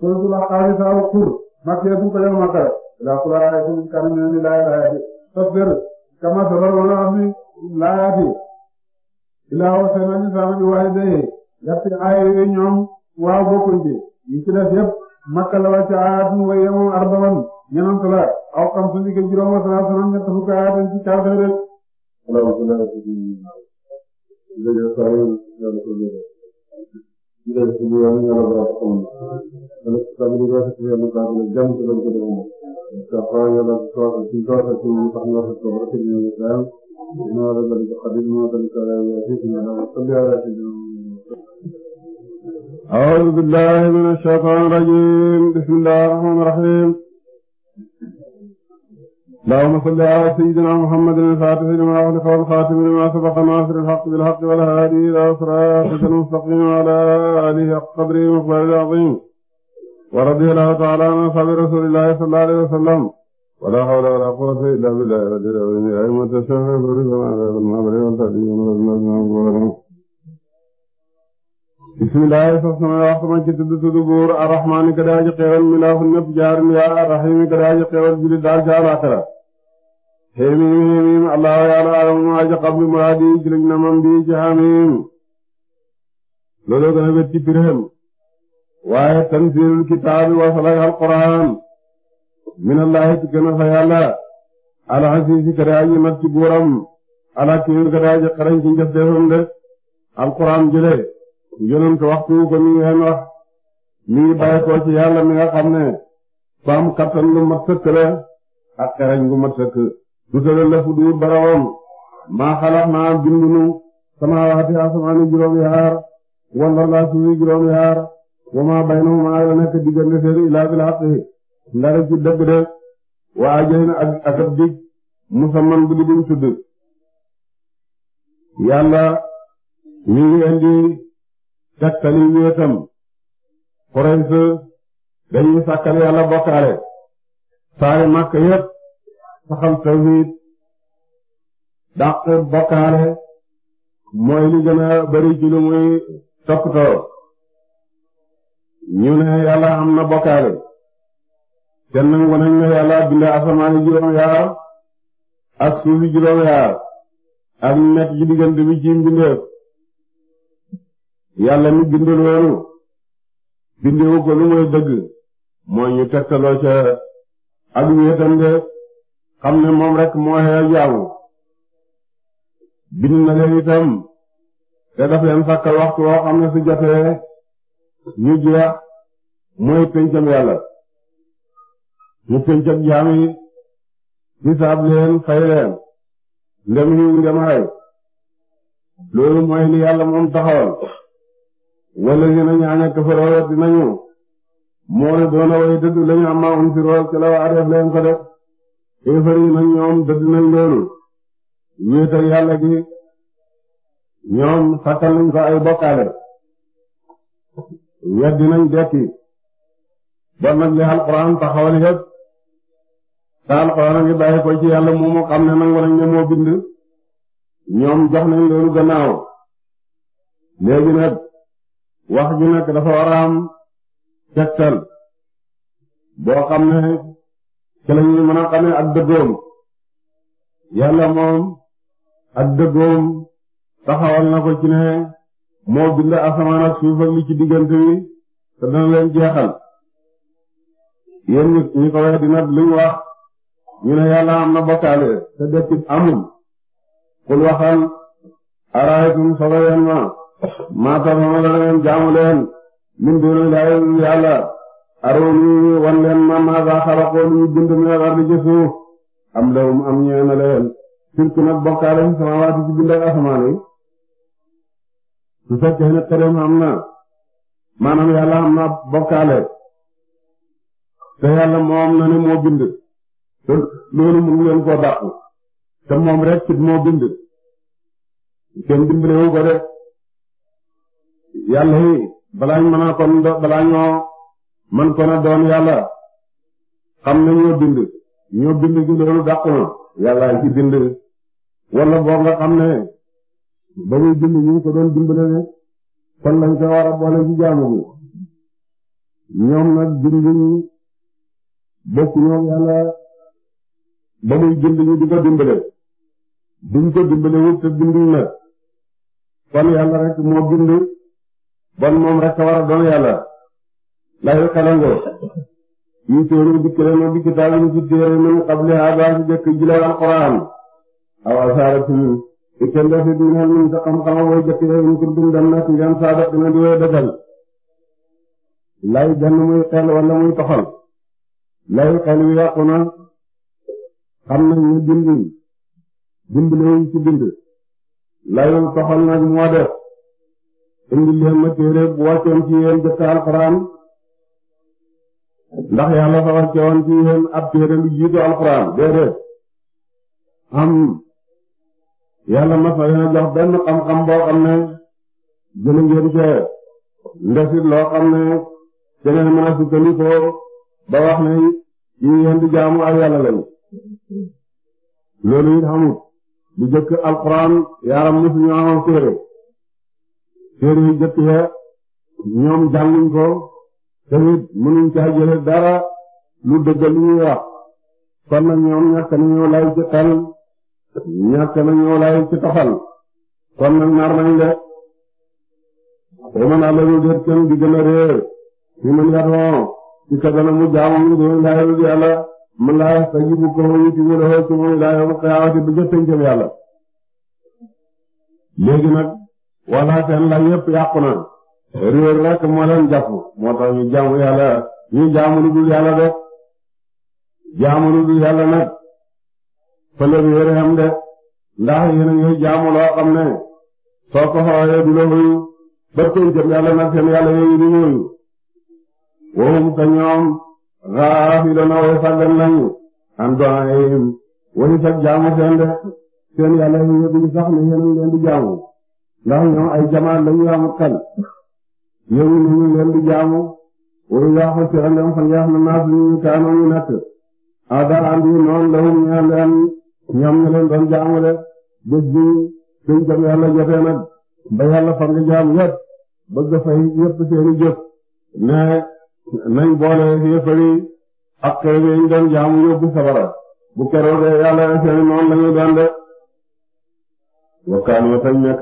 soo su la xaali sa xur makkee bu ko def makka la xulaay su kanam ni laay laayati tasbir kama sabar wala ami laayati ilaa wa seenani saama di waaye dayee yatti aaya yooyu ñoom waaw bokkuñ ci yi ci def yépp makka la wàcc aayatun wa yemoom arbaban ñeneen tala aw xam suñu liggéey juróom wa salaam salaam ñett fukk aayatun ci caafee rek ඉතින් සිදුවන යලබරකම බලස්තමිරාසියලු කාරණා ජම්තු බලකම සපායල සෝක සිතාසින් පහනවත ප්‍රතිනියම ගාන මොනවාද බලක කදිනවා බලකලා යහිනා සම්බයාරදී أعوذ بالله من الشيطان الرجيم بسم الله الرحمن الرحيم اللهم صل على سيدنا محمد الفاتح لما أغلق والخاتم لما سبق ناصر الحق بالحق والهادي إلى صراطك المستقيم وعلى آله حق قدره المقدار العظيم ورضي الله تعالى عن أصحاب رسول الله صلى الله عليه وسلم ولا حول ولا قوة إلا بالله العلي العظيم أئمة الشافعي فريد العذاب المعبري والتأديب والنبي بسم الله الرحمن الرحيم كتب تدبور الرحمن كداج قيل الملاف النب جار يا الرحيم كداج قيل جلد دار جار آخرة xéemim xéemim allah yàlla alamu aja muraadi ci lañ na mam ci xamim loolu gën a wet ci piréem waaye tanzilul kitaabi wa salaahi minallahi ci gën a fa yàlla al asiisi ka daa ci buuram al hakiim ka daa ji ci njëf defam de al quraan jële yonent waxtu ko mi hen wax mi ngi ko ci yàlla mi nga xam ne ba kattan lu mat sëkk la ak xereñ lu mat sëkk du solo la fu duur barawam maa xalaat naa bindunu sama waxati asamaani juróomi yaar wala laa suufi juróomi yaar wa maa baynahuma la nekk diggante seen ilaa bil haqq ndare ci dëgg de waa ajay na ak ak ab dig musamman bu di buñ tudd yàlla mi ngi indi tegtali wéetam Quraysh dañuy sàkkal yàlla bokkaale saari màkk yépp saxal tawhid dàq bokkaale mooy li gën a bari ci lu muy toppatoo ñu ne yàlla am na bokkaale te nangu nañ ne yàlla bind asamaani juróom-yaar ak suufi juróom-yaar ak nekk ci diggante bi ci mbindeef yàlla mi bind loolu bindewu ko lu muy dëgg mooy ñu tegtaloo ca ak wéetam xam ne moom rek moo xeew jaamu bind na leen itam te daf leen sàkkal waxtu woo xam ne su jotee ñu jeex mooy pencam yàlla ñu pencam jaam yi hisaab fay leen ndem xiw ndem xay loolu mooy li yàlla moom taxawal wala ñu ne ñaaña këfëroo dinañu moo ne doona way dëgg lañu amaa um si ci la waa def leen ko def kéefar yi nag ñoom dëgg nañ loolu wéetal yàlla gi ñoom sàkkal nañ ko ay bokkaale weddi nañ dekki bon nag li alxuraan taxawal yëpp te alxuraan a ngi bàyyi ko ci yàlla moomu xam ne nangu nañ ne moo bind ñoom jox nañ loolu gannaaw léegi nag wax ji nag dafa war a am tegtal boo xam ne ci la a xamee ak dëggoom yàlla moom ak dëggoom taxawal na ko ci ne moo bind asamaan ak li ci diggante wi te dana leen jeexal yéen ñi ñi ko wax dina luñ wax ñu ne yàlla am na bokkaale te dekkit amul kul waxal araaytum solo yeen ma maa tax ma la leen jaamu leen min duna yàlla arooni wan leen ma maaga xalaqoo lu ñu bind minal ardi ci suuf am lawum am ñeen a leen sirku nag bokkaale fi samawaati ci bind ak asamaan yi su fekkee ne xereem am na maanaam yàlla am na bokkaale te yàlla moom na ne moo bind te loolu mënu leen koo dàq te moom rek ci moo bind kenn dimbalewu ko de yàlla yi balaa ñu mën a kon balaa ñoo man ko doon yàlla xam ne ñoo bind ñoo bind gi loolu dàq na yàlla wala boo nga ne ba muy bind ñu ko doon dimbale ne kon lañ ko boole ci jaamu bi ñoom nag bind ñu bokk ñoom yàlla ba muy bind ñu di dimbale duñ dimbale wut te binduñ la kon yàlla rek moo bind bon moom rek a doon yàlla lahu lay benn muy xel wala muy toxal lay xel wi yàqu na xam na ñu bindin dimbalewuñ ci bind layul toxal nag moo def indi leen ma téere bu wàccoon ci yéen jëkk alquran ndax yàlla fa war cewoon ci yéen ab téere lu jiitu alxuraan déedéet am yàlla mas na leen a jox benn xam-xam boo xam ne jële ngeen cee ndesit loo xam ne ci ngeen mën a sukkandikoo ba wax ne ci yéen di jaamu ay yàlla lañu loolu it xamut bu jëkk alxuraan yaaram mu suñu amoon téere téere yi jëkk ya ñoom jànguñ ko te it mënuñ caa jële dara lu dëggal lu ñuy wax kon nag ñoom ñàkk nañoo lay ci xel ñàkk nañoo lay ci toxal kon nar nañ de omana lañu déet kenn di gën a fi man yatoo ci ka a mu jaamu mu doon laayal yàlla man laa sa yibu ko ñu ci mu doxee ci moom laayal mu xeyaawati bu jëtteñ jëm yàlla léegi nag wala seen lay yépp yàqu na réer rek moo leen jàpp moo tax ñu jaamu yàlla ñu jaamu lu dul yàlla de jaamu lu dul yàlla nag fële bi yére xam de ndax yéen a ngi jaamu loo xam ne soo ko xoolee du la wuyu ba tey jëm yàlla nag seen yàlla yooyu du wuyu wowum ka ñoom gaafiluna way sàggan lañu an du'aa'ihim way sag jaamu seen de seen yàlla yooyu duñu sax ne yéen a ngi leen di jaamu ndax ñoom ay jamaat lañu amut kan ñooñu ñu ngi leen di jaamu wala yaa xam si ah, ànd ak fan yaa xam ne naaf li ñu taa noonu andi noonu la leen ñoom ñu leen jaamu de bés bi suñ jëm yàlla jotee nag ba yàlla fan nga jaam yëpp bëgg fay yëpp seen i jëf nañ boole yëppari ak xëy na ñu doon jaamu yóbbu sabara bu keroog yàlla seen noonu la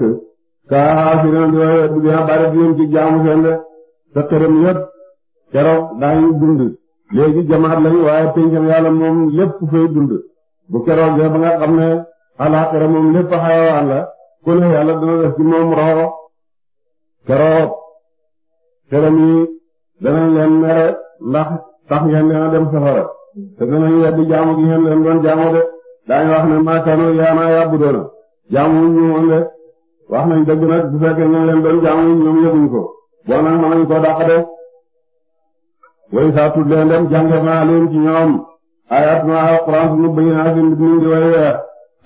kaafirina dina bari dinañ ci jaamu seen de sa këram yëpp keroog daañu dund léegi jamaat lañ waaye pencam yàlla moom lépp fay dund bu keroog de ba nga xam ne alaaxira moom lépp xayawaan la ku yàlla dana def ci moom roxo keroog këram yi danañ leen mere ndax tax ngeen dina dem safara te danañ weddi jaamu gi ngeen leen doon jaamu de daañu wax ne maakanu yaanaa yàbbu doona jaamu ñu woon de wax nañ dëgg nag bu fekkee ñu leen doon jaamu ñoom yëguñ ko bon nag mën nañ koo saa tudd leen dem jànge naa leen ci ñoom ayat na alquran suñu bayyinaatin bi ñu ngi way weex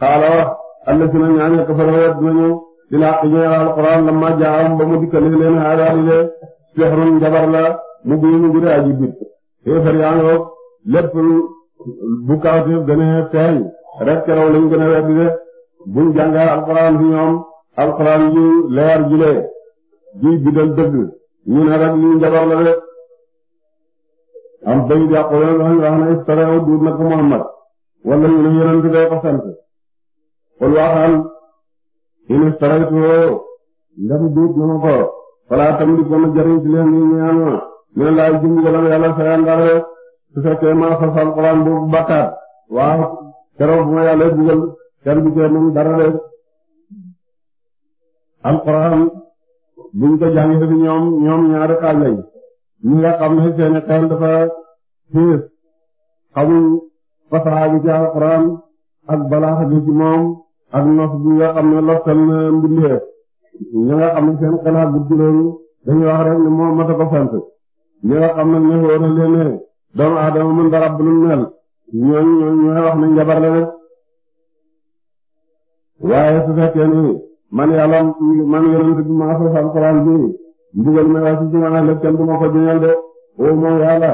xaala wax allasina ñaaña kafaru wet nañu di làq ñeel alquran lamma jaam ba mu dikkale leen xaadaali de sexrun njabar la mu guy mu guddi aji bit xéefar yaa ngoog lépp bu kawteef gën a feeñ rek keraw lañ gën a weddi de buñ fi ñoom alxuraan ju leer julee juy bidal dëgg ñu ne rek lii njabar la de am bañ jàqoleen wax wax na istareew duut na ko Muhammad wala ñu ne yonent bee ko sant xul waxal in istaraytuwoo ndem duut na ma ko falaa tam di ko na jariñ ci leen yi ñaan ma ne laay jëm galam yàlla sayaan dara su fekkee maa sos alxuraan boobu bakkaat waaw keroog bu ma yàlla bugal kenn bu cee mën dara de alquran buñ ko jàng fi ñoom ñoom ñaari xaaj lañ nga xam ne seeni xel dafa xiis xamuñ fasaxa bi ci alquran ak balaaxa bi ci moom ak nos bi nga xam ne loftal na mbindeef ñi nga xam ne seen xelaa gudd loolu dañuy wax rek ne moom mata ko sant ñi nga xam ne ne leen doomu aadama mën dara bu lu mel ñooñu ñooy wax ne njabar la rek waaye su fekkee ni man yàlla man yonent bi maa sos alxuraan bi mbugal may wax ci ci man lépp kenn du ma de o moo yàlla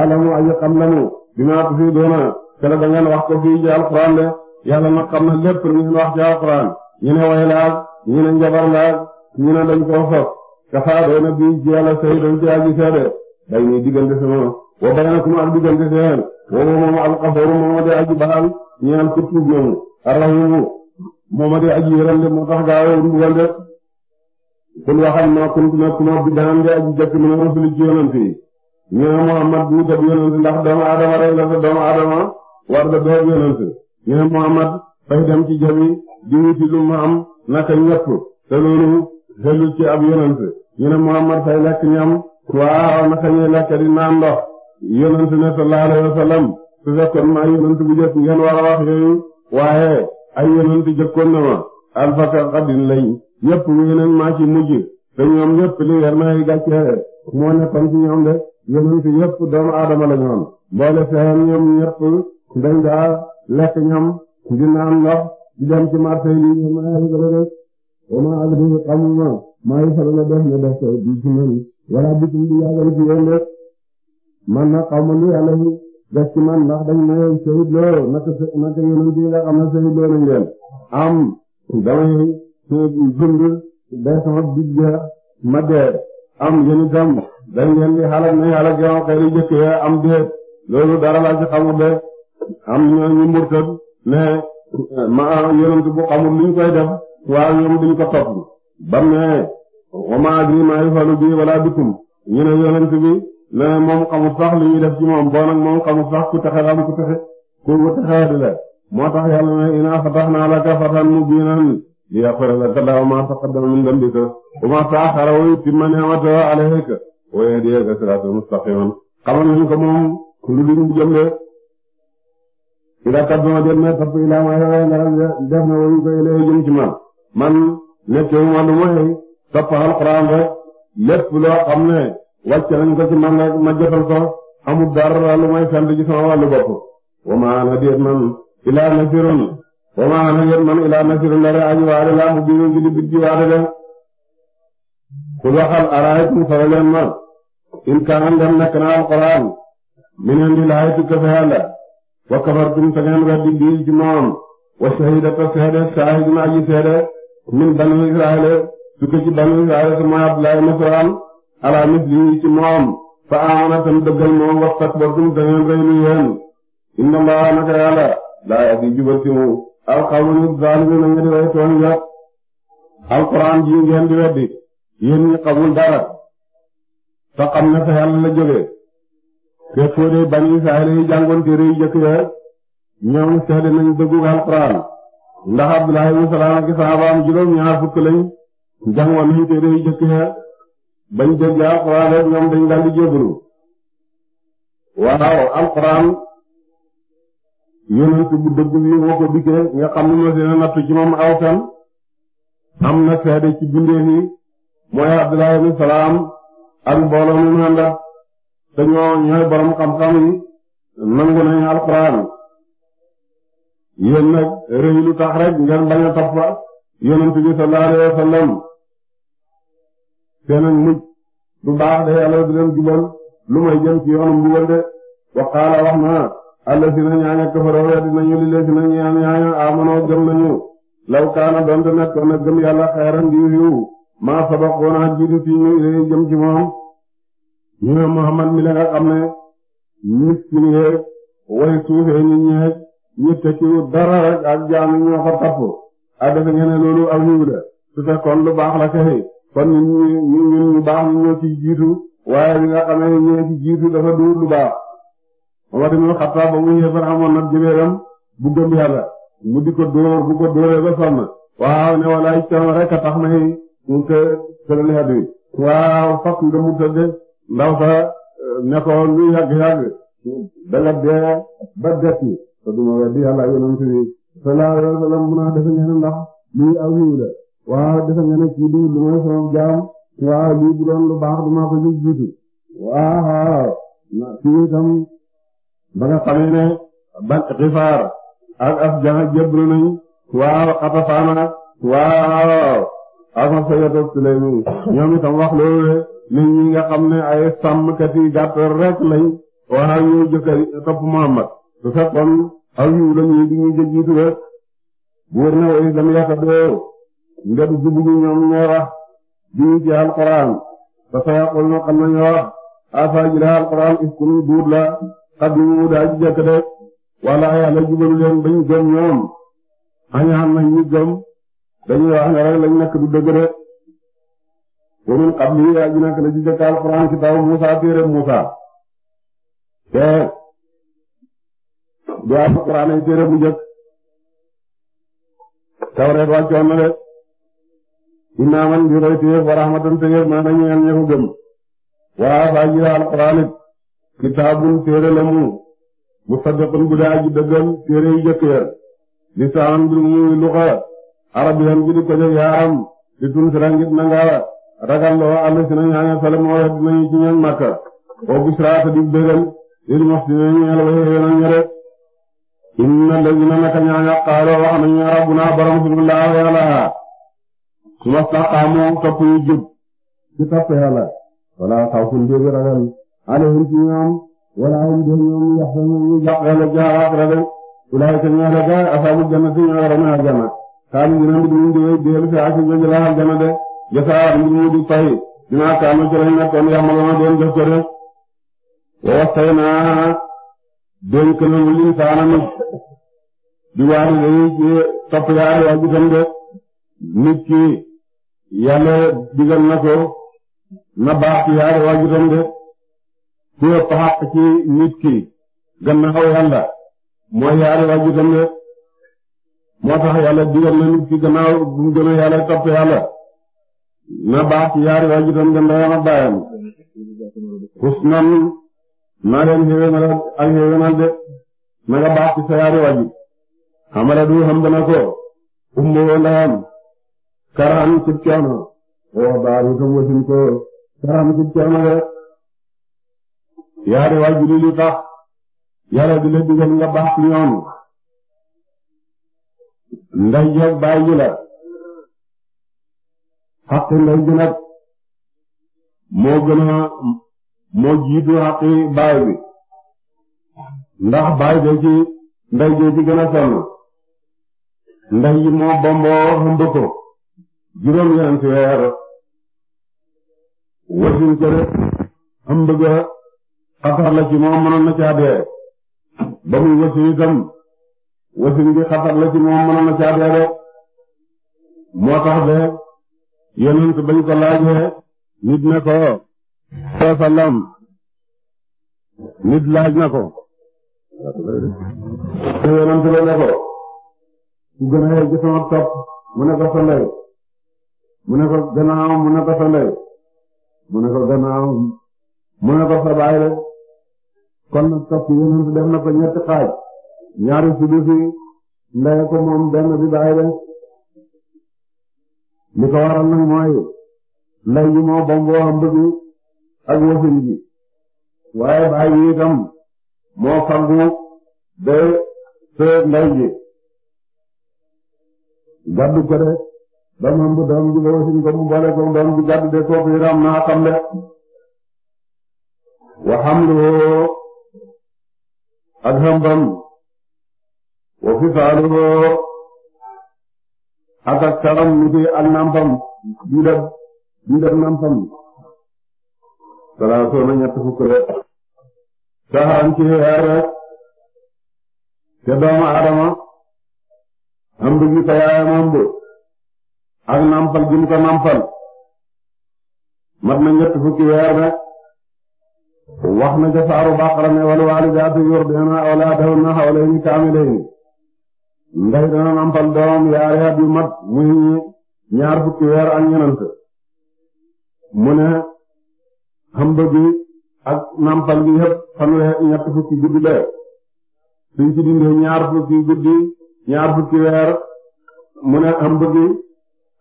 alamu aji xam lanu bi maa ko doona kala da ngeen wax ko fii ci alxuraan de yàlla nag xam na lépp lu ngeen wax ci alxuraan ñu ne way laag ñu ne njabar laag ñu ne dañ koo sos kafaa doona bii ci yàlla say aji seede day ñuy diggante sama wa baynakum ak diggante seen wa moom alxafooru moom de aji baal ñeel ku tuub mooma de aji yërande moo tax gaaw mbugal de kul waxal ma kuntu nekkuma bid'an de aji jëkk mina rusuli ci yonent yi ñu ne Muhammad du tab yonent ndax doomu aadama rek la sa doomu aadama war da doob yonent ñu ne Muhammad fay dem ci jabi di wuti lu mu am naka ñëpp te loolu xelu ci ab yonent ñu Muhammad fay lekk ñam waaw naka ñuy lekk di naan ndox yonent ne sallallahu alayhi wa sallam su fekkoon maa yonent bu jëkk ngeen war a wax yooyu waaye ay yonent jëkkoon na ma alfaka xaddin lañ ñëpp yeneen maa ci mujj te ñoom ñëpp li leen may gàcceere moo nekkoon ci ñoom de yonent yëpp doomu aadama la ñoom mboole seen ñoom ñëpp dañ daa lekk ñam di naan ndox di ci marché yi ñoom maa ngi rek ba maa ak di xamuma maa ngi faral a def ne def di ci man wala bitim di yàggal ci yéen man na xaw ma lu yàlla def man ndax dañ ne Seydou Lo naka naka yonent yi nga xam ne Seydou Lo nañ leen am damay dund day sama digg ma dee am yéen itam dañ leen di xalaat ne yàlla gërëm xëy na jëkk ya am déet loolu dara laa ci xamul am ñooñu murtad mais ma bu xamul luñ koy def waaw ñoom duñ ko topp ba mu wa maa adrii maa yufalu bii wala bikum ñu ne bi. leneen moom xamul sax li ñuy def ci moom boo nag moom xamul sax ku texe am ku texe ku texe di la moo tax yàlla ne inaa fatahnaa laka fatan mubiinan liyaghfira laka llaahu maa taqaddama min dambika wa maa ta'akhkhara wa yutimma ni'matahu 'alayka wa yahdiyaka siraatan mustaqiiman xamal nañ ko moom lu duñ bu jëm de ila kadduma jëm ne tapp ilaa ma yore nga def na wayu ko ilee jëm ci man man nekkee ma lu mooy topp alxuraan rek lépp loo xam ne wàcc nañ ko ci man rek ma jotal ko amul may sant ci sama wàllu bopp wa ma ana man ilaa nasirun wa ma ana man ilaa nasirun dara aji waare laa mu biiru ngi di bijji waare de ku waxal araaytum fara leen ma in kaana dem nekk na alquran min indi laay tukka fa yàlla wa kafartum sa ngeen weddi bii ci moom wa shahidata seede saahidun aji seede min banu israel tukka ci banu israel sama abdulaay nasran ala mislihi ci moom fa amana tam dëggal moom wastakbartum da ngeen rëy lu yéen inna allaha naka laa yahdi jubal ci mu alqawmi zaalimiina ngeen di way tooñ ga alquran ji ngeen di weddi yéen ñi xamul dara te xam ne fa yàlla la jógee te fóodee bani israel yi jàngoon téere yu jëkk ya ñoom seede nañ dëggu alquran ndax abdullahi ibn salaam ak sahabaam juróom fukk lañ jàngoon nañ téere yu jëkk ya bañ dégg alxuraan rek ñoom dañ daal di jébbalu waaw alxuraan yonent bu dëgg bi moo ko dikkee nga xam na seede ci bindéef yi mooy Abdullah ibn Salaam ak mbooloo mu ànda te ñoo ñooy borom xam-xam yi nangu nañu alxuraan yéen nag rëy tax rek ngeen bañ a topp bi sallallahu alayhi wa seen ak mujj du baax de yàlla du leen jubal lu may jëm ci yoonu mbugal de wa qaala wax na allasina ñaaña kafaroo weddi nañu li lesina ñaaña amanoo gëm nañu law kaana donte nekkoon na gëm yàlla xayran di yiw maa sabaqoona jiitu fii ñu ilay jëm ci moom ñu ne Muhammad mi la nga xam ne miskin yeeg way suufee nit ñeeg ñi tekkiwu dara rek ak jaami ñoo ko tapp a defe ngeen ne loolu aw yiw la su fekkoon lu baax la kon ñun ñun ñu baax ñu ñoo ci jiitu waaye li nga xam ne ñoo ci jiitu dafa duur lu baax wax dëgg yàlla xataa ba mu ñëw fan amoon na jëbeeram bu gëm yàlla mu di ko dóor bu ko dóoree ba sonn waaw ne wala ay coono rek a tax na ñu ngi ko gën a waaw fokk nga mu tëdd ndaw sa euh, ne ko lu yàgg yàgg danga dee ba des ni te du ma weddi yàlla yonent bi sallallahu alayhi wa sallam mun a ah, def ngeen ndax lii aw yiw la waaw defe nga ne kii bi lu may sama jaam waaw lii bu doon lu baax duma ko jóg jiitu waaw fii itam ba nga xamee ne ban xifaar ak af jana jébbalu nañ waaw xatafaana waaw ama sayatoog Sulaymaan ñoom itam wax loolu ne ñi nga xam ne ay sàmmkat yi gàtt rek lañ waaw ñoo jëkkër topp Muhammad su fekkoon aw yiw la di ñu jëg jiitu rek buur ne way lam yàkka doo nga dugg bu ñu ñoom ñoo wax bii ci alquran te sayaqul na xam nañu wax asaa ji la alquran iskun duut la xadimu daa ji jëkk de wala yàlla jubalu leen bañ gëm ñoom añaan nañ ñu gëm dañuy wax ne rek lañ nekk du dëgg de wa min qabli yaa ji nekk la ji jëkk alquran kitaabu Musa téere Musa te du alquran ay téere bu jëkk tawreet wàccoon na de imaaman di roy téef wa rahmatan ma na ñeel ña gëm waa faa ji alquran it kitaabun téere la mu musaddiqun bu daa ji dëggal téere yu jëkk ya lisaanan bi muy luqa arabiyan gi di ko yaa am di tun sira ngit ragal loo àll si na ñaaña sale moo wet dinañu ci ñeen màkka oo busraa te di dëggal lil muhsinin ñeel way xeena ñere inna lazina naka ñaaña qaaloo wax nañu rabbuna borom sunu laa yàlla ku wastaqaamu topp yu jub ci topp Yàlla wala xawfun déebi ragal alayhim ci ñoom wala hum déef ñoom yaxsanun ñu jàq Yàlla jaxaaxira de ulaayika ñoole gaay asaabu jannati ñoo rome aljana kaani dina mbi duñu déey déel fi ak joj la aljana de jasaa mbi duñu di tay dina kaanu ci lañ nekkoon yamaloona doon def ko de wa wastaynaa dénk nañu linsaana nit di waari day ci topp yaari waajitam de nit yàlla digal na ko na baax ci yaari waajuram de ci ëpp xaq ci nit ki gannaaw yàlla mooy yaari waajuram de moo tax yàlla digal na nit ki gannaaw bu gën a yàlla topp yàlla na baax ci yaari waajuram de ndeyam ak baayam husnan na leen xéwénal ak xéwénal de na nga baax sa yaari waajur xamala du xam dana ko umbu ndeyam karam ci coono wax baaru tam wasin ko karam ci coono de yaari tax yàlla di la digal nga baax ci ñoom nday joog baay ji la xaqi nday ji nag moo gën a moo jiitu xaqi baay moo bomboo xëmb juróom-ñeenti weer wasin jëre am bëgga xatar la ci moom mënoon na caa ba muy wasin itam wasin bi xatar la ci moom mënoon na caa dee moo tax de yonent bañ ko laajee nit ne ko sallam nit laaj na ko te yonent ba ne ko ku gën a yegg sama topp mu ne ko sa mu ne ko gannaaw mu ne ko sa ndey mu ne ko gannaaw mu ne ko sa baay rek kon nag topp yonent def na ko ñetti xaaj ñaari sudusi ndey ko moom benn bi baay rek li ko waral nag mooy ndey ji moo bomboo am bëgg ak wasin ji waaye baay ji itam moo faggu de soo ndey ji gàddu ko de doomam bu doom bi boo si ko mu boole ko doom bi gàddu de kooku yaram naa xam de wa hamluhu ak hambam wa fisaaluhu ak ak saram ni ki ak nampam diidab diidab nampam salaasoo na ñett fukk rek saxaan ci weer rek te doomu aadama hëmb gi tayaayam hëmb ak nampal gi mu ko nampal mat na ñett fukki weer nag wax na ca saaru Baqara ne wal waalidaatu yurdi'na awlaadahunna hawlayni kaamilayni ndey dana nampal doom yaari at yu mat muy ñaar fukki weer ak ñenant mu ne xëmb gi ak nampal gi yëpp fanweer ñett fukki guddi dayoo suñ ci dindee ñaar fukki guddi ñaar fukki weer mu ne xëmb gi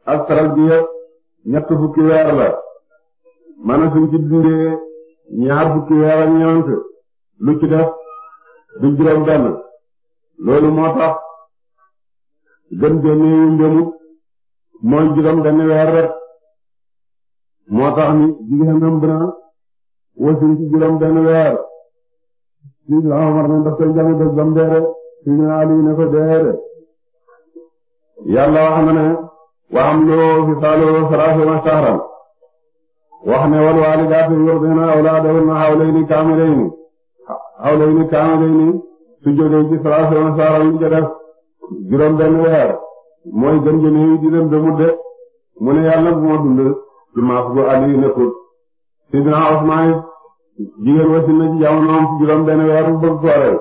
ak tarbiya ñett fukki weer la mana suñ ci dundee ñaar fukki weer ak ñeent lu def du juróom benn loolu moo tax gën génnee yu ndému mooy juróom benn weer rek moo tax ni jigéenam bana wasuñ ci juróom benn weer si na Omar na deere yàlla wax na ne wa loo fi saaloo salaasuna shahran wax ne wal waalidaatu yurdina awlaadahunna hawlayni kaamilayni hawlayni kaamilayni su jógee ci salaasuna shahran ñu def juróom benn weer mooy gën jëne yi di dem demut de mu ne yàlla bu ma dund ci maas gu ali nekkul sidina Usmaan jigéen wasi ci jamonoom juróom benn weer bu bëgg sooreel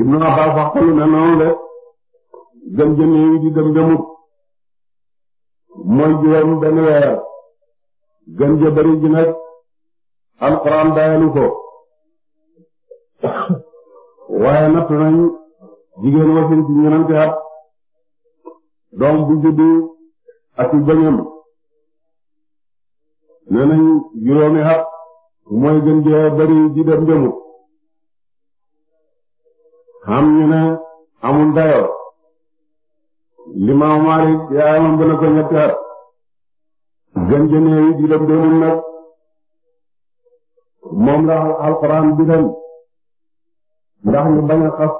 Ibnu Abbaas wax ko lu mel noonu de gën jëne di dem demut mooy juróom benn weer gën ja bari ji nag alxuraan dayalu ko waaye natt nañ jigéen wasin ci ñenante at doom bu juddu ak i bëñam nee nañ juróomi at mooy gën ja bari ji dem demut xam ñu ne amul dayoo Limaamu Maalik yaayam gën a ko ñetti at gën jënee yi di dem démul nag moom la alxuraan bi dem ndax ñu bañ a xas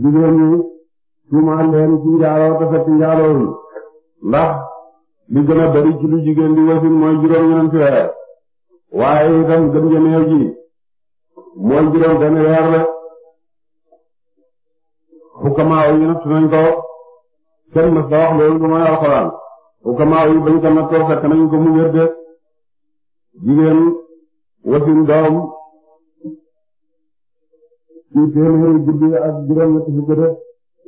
jigéen ñi tuumaan leen ci njaaloo te fekk njaaloo yi ndax li gën a bari ci lu jigéen di wasin mooy juróom ñeenti weer waaye itam gën jënee ji mooy juróom benn weer la ukkamaa yi nag tudd nañ ko kenn mës ta wax loolu lu mooy alxuraan ukkamaa yi bañ ko nattoo fekk nañ ko mu wér de jigéen wasin doom ci téeméeri guddi ak juróom ñetti fukk de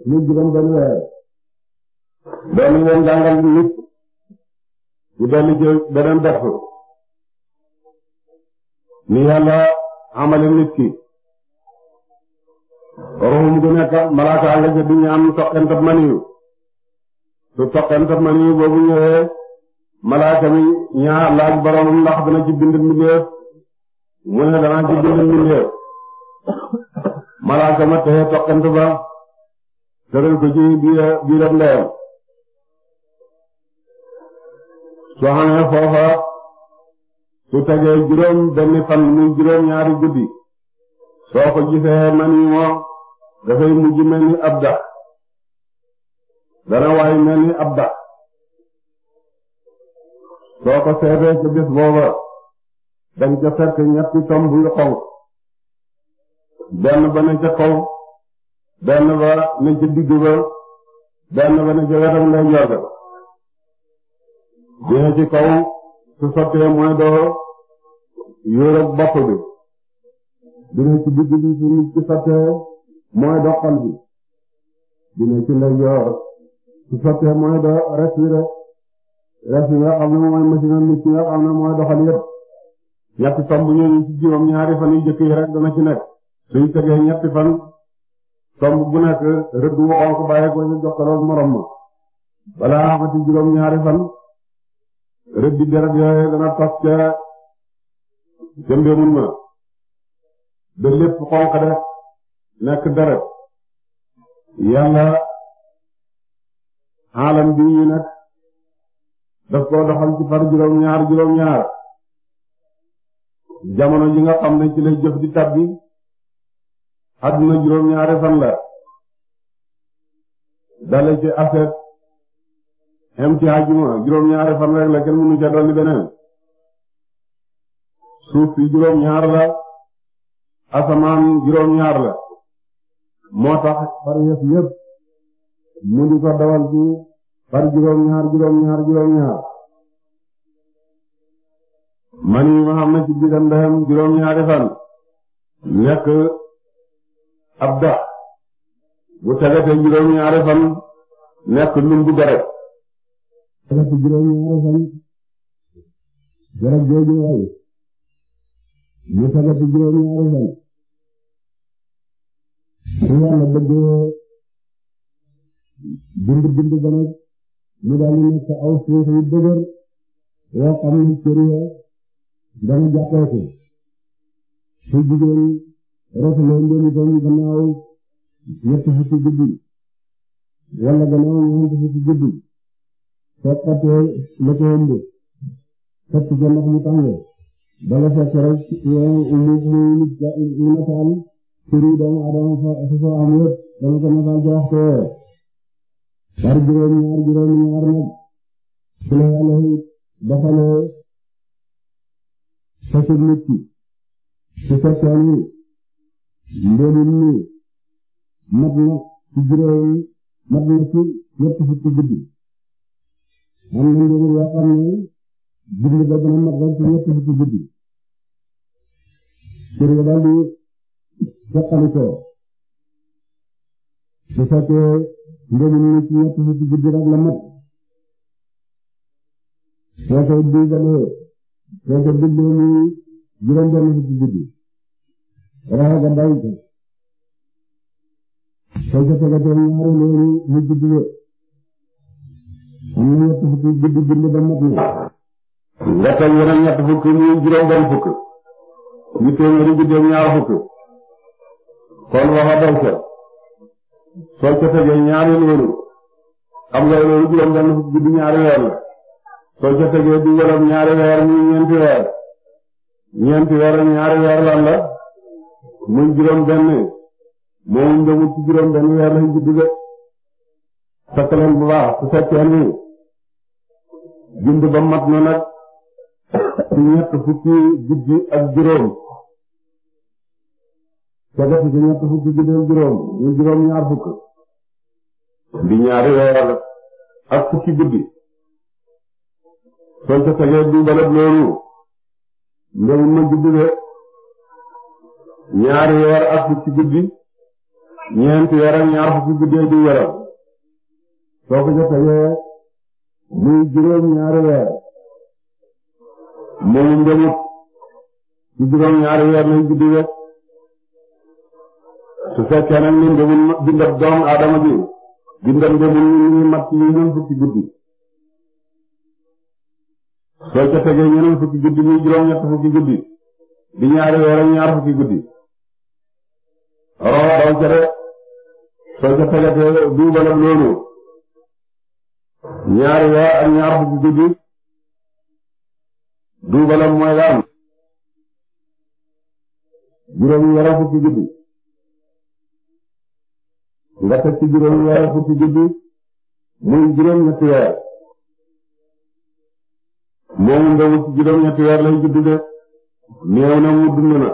ñu juróom benn weer doon nañ leen jàngal nit ñu dolli ci beneen def ni yàlla amale nit ki ruhum du nekk malaaka àll ca duñu am toqentab maniyu su toqentab maniyu boobu ñëwee malaaka mi ñaar laaj boromam ndax dana ci ci bind mbindeef malaaka ma teye toqent ba tëral ko ci biiram ndeyam soo xamee foofa su tegee juróom benni fan muy juróom ñaari guddi soo ko gisee maniyu moo dafay mujj mel ni ab dax dana waay mel ni ab dax soo ko seetee ca bés booba dañ ca fekk ñetti tomb yu xonq benn ba ne ca kaw benn ba ne ca digg ba benn ba ne ca wetam lay njor ga dina ci kaw su sottee mooy doo yóoróg bopp bi dina ci digg bi su nit ci sottee mooy doxal bi dina ci lay joor su sottee mooy do respiré ref yi nga xam ne mooy machine nit ki nga xam ne mooy doxal yëpp ñetti tomb yooyu ci juróom ñaari fan yu jëkk yi rek dana ci nekk suñ tegee ñetti fan tomb bu nekk rëdd wu xonk bàyyi ko ñu morom ma balaa amati juróom ñaari fan rëdd deret yooyu dana tos ca jëmbee ma da lépp xonk def lekk deret yàlla xaalam bi ñu nag daf koo doxal ci par juróom-ñaar juróom-ñaar jamono ji nga xam ne ci lay jëf di tabbi àdduna juróom-ñaari fan la dale ci aset xem ci àjjuma juróom-ñaari fan rek la kenn mënu ca dolli beneen suuf si juróom-ñaar la asamaan juróom-ñaar la moo tax far yëf yëpp mu di ko dawal bi far juróom-ñaar juróom-ñaar juróom-ñaar man yi ma xam ne ci biir ndeyam juróom-ñaari fan nekk ab dax bu tegete juróom-ñaari fan nekk lumbu deret tegete juróom-ñaari fan deret jooju waay bu tegete juróom-ñaari fan su yàlla bëggee bind bind ba nag mu daal di nekk aw suuf yu dëgër yoo xam ne cër ya dana jàppeeku su jigéen rafetlu ndéem itam gannaaw ñetti fukki guddi wala gannaaw ñeent fukki guddi soo xattee la ko ëmb fekk ko ndox mu tàng bala fekk rek mu mu mu nataal turi doomu adama sa sa am yëpp dama ko masal jox ko war juróom ñaar juróom ñaar nag su la yàlla defalee sa sub nit ki su fekkee ni mbéyum nii mat na ci juróom mat na ci ñett fukki guddi am na mbéyum yoo xam ne guddi ba dina mat rek ci ñett fukki guddi jokkali ko su fekkee ngëmën ni ci ñett fukki guddi la mat soo koy digalee soo ko bindee muy juróom benn fukki guddi raxa ga day ko soo ko tegatee ñaari loolu mu guddi yo am na ñett fukki guddi bind ba mat na nga teg fukki muy juróom benn fukk ñu téeméeri guddi ñaar kon waxatal ca soo ca tegee ñaari loolu xam nga loolu juróom benn fukki guddi ñaari la ñaari weer muy ñeenti weer ñeenti weer ñaari weer lan la juróom benn moom demul juróom benn weer lañ ci dugal takk leen bu baax su fekkee ni ba mat na nag ñett fukki guddi ak juróom ca def fukki guddeeg juróom juróom ñaar fukk di ñaari weer ak fukki guddi soo ca tegee du balab loolu ndaw ma juddu de ñaari weer ak fukki guddi ñeenti weer ak ñaar fukki guddeeg du yaram soo ko ca tegee muy juróom ñaari weer muy juróom ñaari weer lay juddu su fekkee nag ñun demul bindab doomu aadama ji bindam demul ñu ngi mat ñu ñun fukki guddi soo ca tegee ñeneen fukki guddi muy juróom-ñett fukki guddi di ñaari weer ak ñaar fukki guddi roxo daw ca de soo ca tegatee duubalam loolu ñaari weer ak ñaar fukki guddi duubalam mooy daan juróom-ñaar fukki guddi nga teg juróom weer fukki guddi muy juróom ñetti weer moomu ndawu juróom ñetti weer lay judd de néew na mu dund na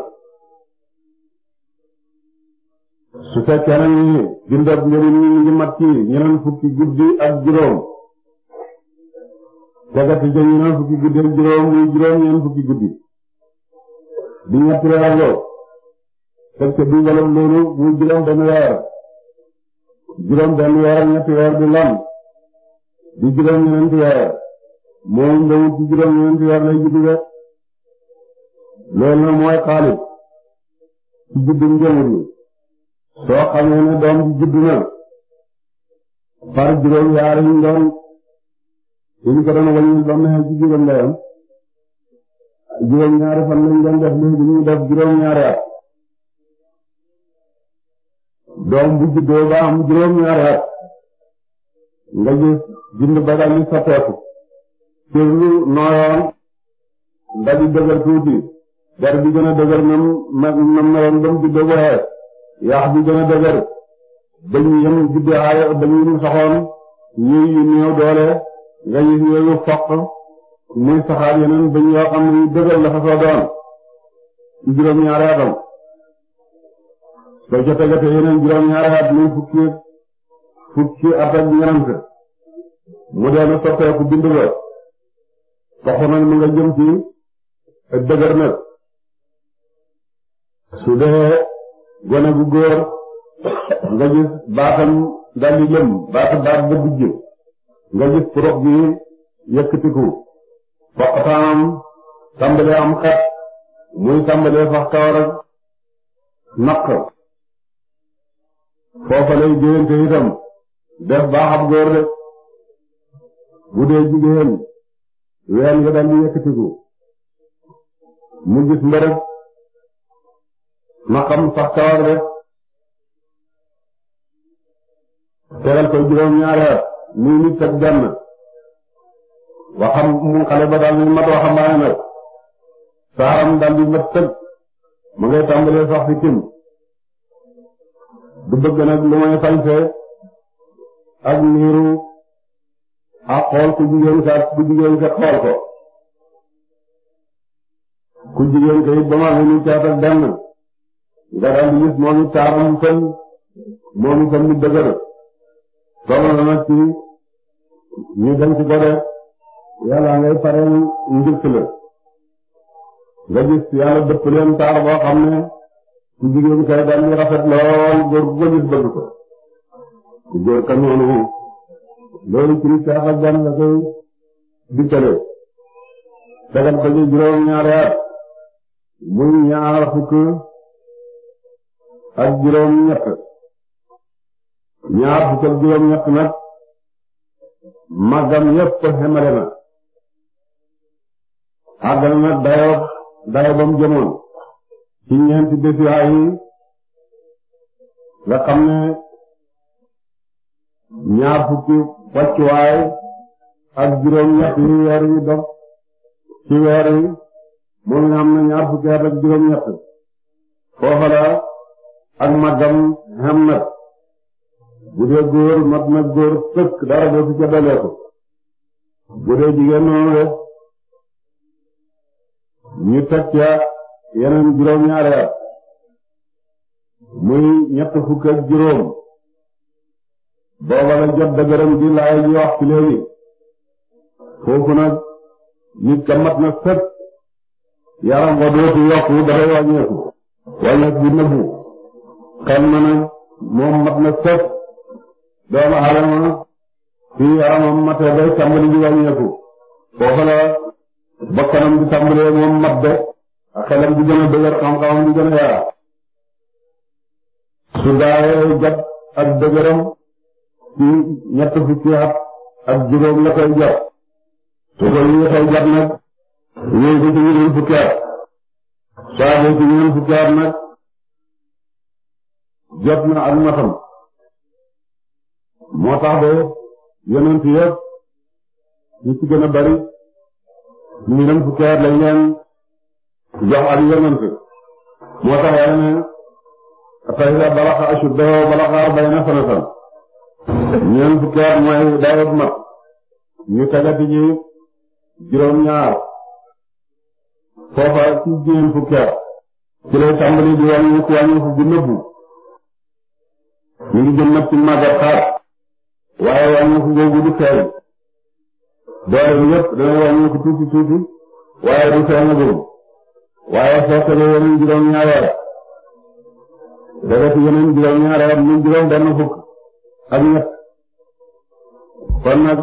su fekkee na ni dindab njëriñ mi ngi mat ci ñeneen fukki guddi ak juróom tegati ca ñeneen fukki guddi ak juróom muy juróom ñeneen fukki guddi di ñetti weer loo teg ca dugalam loolu muy juróom benn weer juróom benn weer ak ñetti weer di lam di juróom ñeenti weer moom ndawut ci juróom ñeenti weer lay juddu de loolu na mooy xaalis ci juddum jëmur yi soo xamee ne doom ci juddu na par yaar yi doon suñ ko doon ba mexe ci juróom ndeyam juróom ñaari fan lañ doon def léegi ñu def juróom ñaari at doom bu juddoo ba am juróom-ñaari nga gis jund ba daal di soppeeku cër nooyoon nga di dëgër tuuti der bi gën a dëgër nam nam ba mu juddoo ba yaax bi gën a dëgër dañ yem juddoo ay dañ yem doole nga gis yooyu foq muy saxaar yeneen dañ yoo xam ne dëgër la fa doon ci juróom-ñaari atam ba jote jote yeneen juróom-ñaari at muy fukki fukki at ak ñeent mu dee soppeeku bind ba taxu nag mu nga jëm ci dëgër nag su dee gone gu nga gis baatam daldi lëm baata baat ba nga gis purux gi yëkkatiku foqataam tàmbalee am xet muy tàmbalee sax kawar ak naq foofa lay déyante itam def baaxam góor de bu dee ween nga dal di yëkkatiku mu gis na xam sax kawar de tegal koy juróom ñaari at muy nit waxam mu ba daal mat waxambaane nag saaram dal mat tëg ma ngay sax si du bëgg nag lu may sañse ak niiru ak xool ku jigéen sa ku jigéen sa xool ko ku jigéen ko it ba ma amee nu nga daal di gis moom it taaram fën moom itam mu dëgër toll na nag ci ñu dem ci gode yàlla pareen njëkk la nga gis yàlla dëpp leen taar boo xam ne ku jigéen kay daal ñu rafet lool góor bu ko bëgg ko góor ka noonu loolu ci caax ak gan la koy dikkale dagal ko ci juróom ñaari at muy ñaar fukk ak juróom ñett ñaar fukk ak juróom ñett nag màggam yépp xemale na àggal na dayo dayo ba mu jëmoon ci ñeenti bés yooyu nga xam ne ñaar fukki wàccuwaay ak juróom-ñett yi weer yi dog ci weer yi moom nga xam ne ñaar fukki at ak juróom-ñett foofa la ak màggam xam nag bu dee góor mat na góor sëkk dara doo ci jabaleeku bu dee jigéen noonu rek ñu teg ca yeneen juróom-ñaari at muy ñett fukk ak juróom booba la jot dëgërëm di laay ñu wax ci léegi foofu nag nit ka mat na sët yaram wa dootu yokku dafay wàññeeku wàññeeku bi nëbbu xam na ne moom mat na sët doomu aadama fi yaramam mate bay tàmbali di wàññeeku foofu la bakkanam di tàmbalee moom mat de ak xelam di gën a dëgër xam-xamam yaa su gaawee jàpp ak dëgëram ci ñett fukki ak juróom la koy jàpp su ko yi koy jàpp nag yooyu ko ci ñeneen fukki at saa na ak moo tax ba yeneen fi yëpp bari ñeneen fukki at lañ jox ak yonent moo tax yàlla ne fa iza balaxa ashuddahu balaxa arba'iina sanatan ñeent fukki at mooy dayoo mat ñu tagati ji juróom ñaar foofa ci ñeent fukki at ci lay tàmbali di wàññi ci wàññi fu di nëbbu ñu ngi jëm nag ci màggat xaar waaye wàññi fu googu du feeñ doole bi yëpp dana wàññi ko tuuti tuuti waaye du feeñ a waaye soo ko defee yeneen juróom-ñaar weer nga def yeneen juróom-ñaar weer mu juróom benn fukk ak ñett kon nag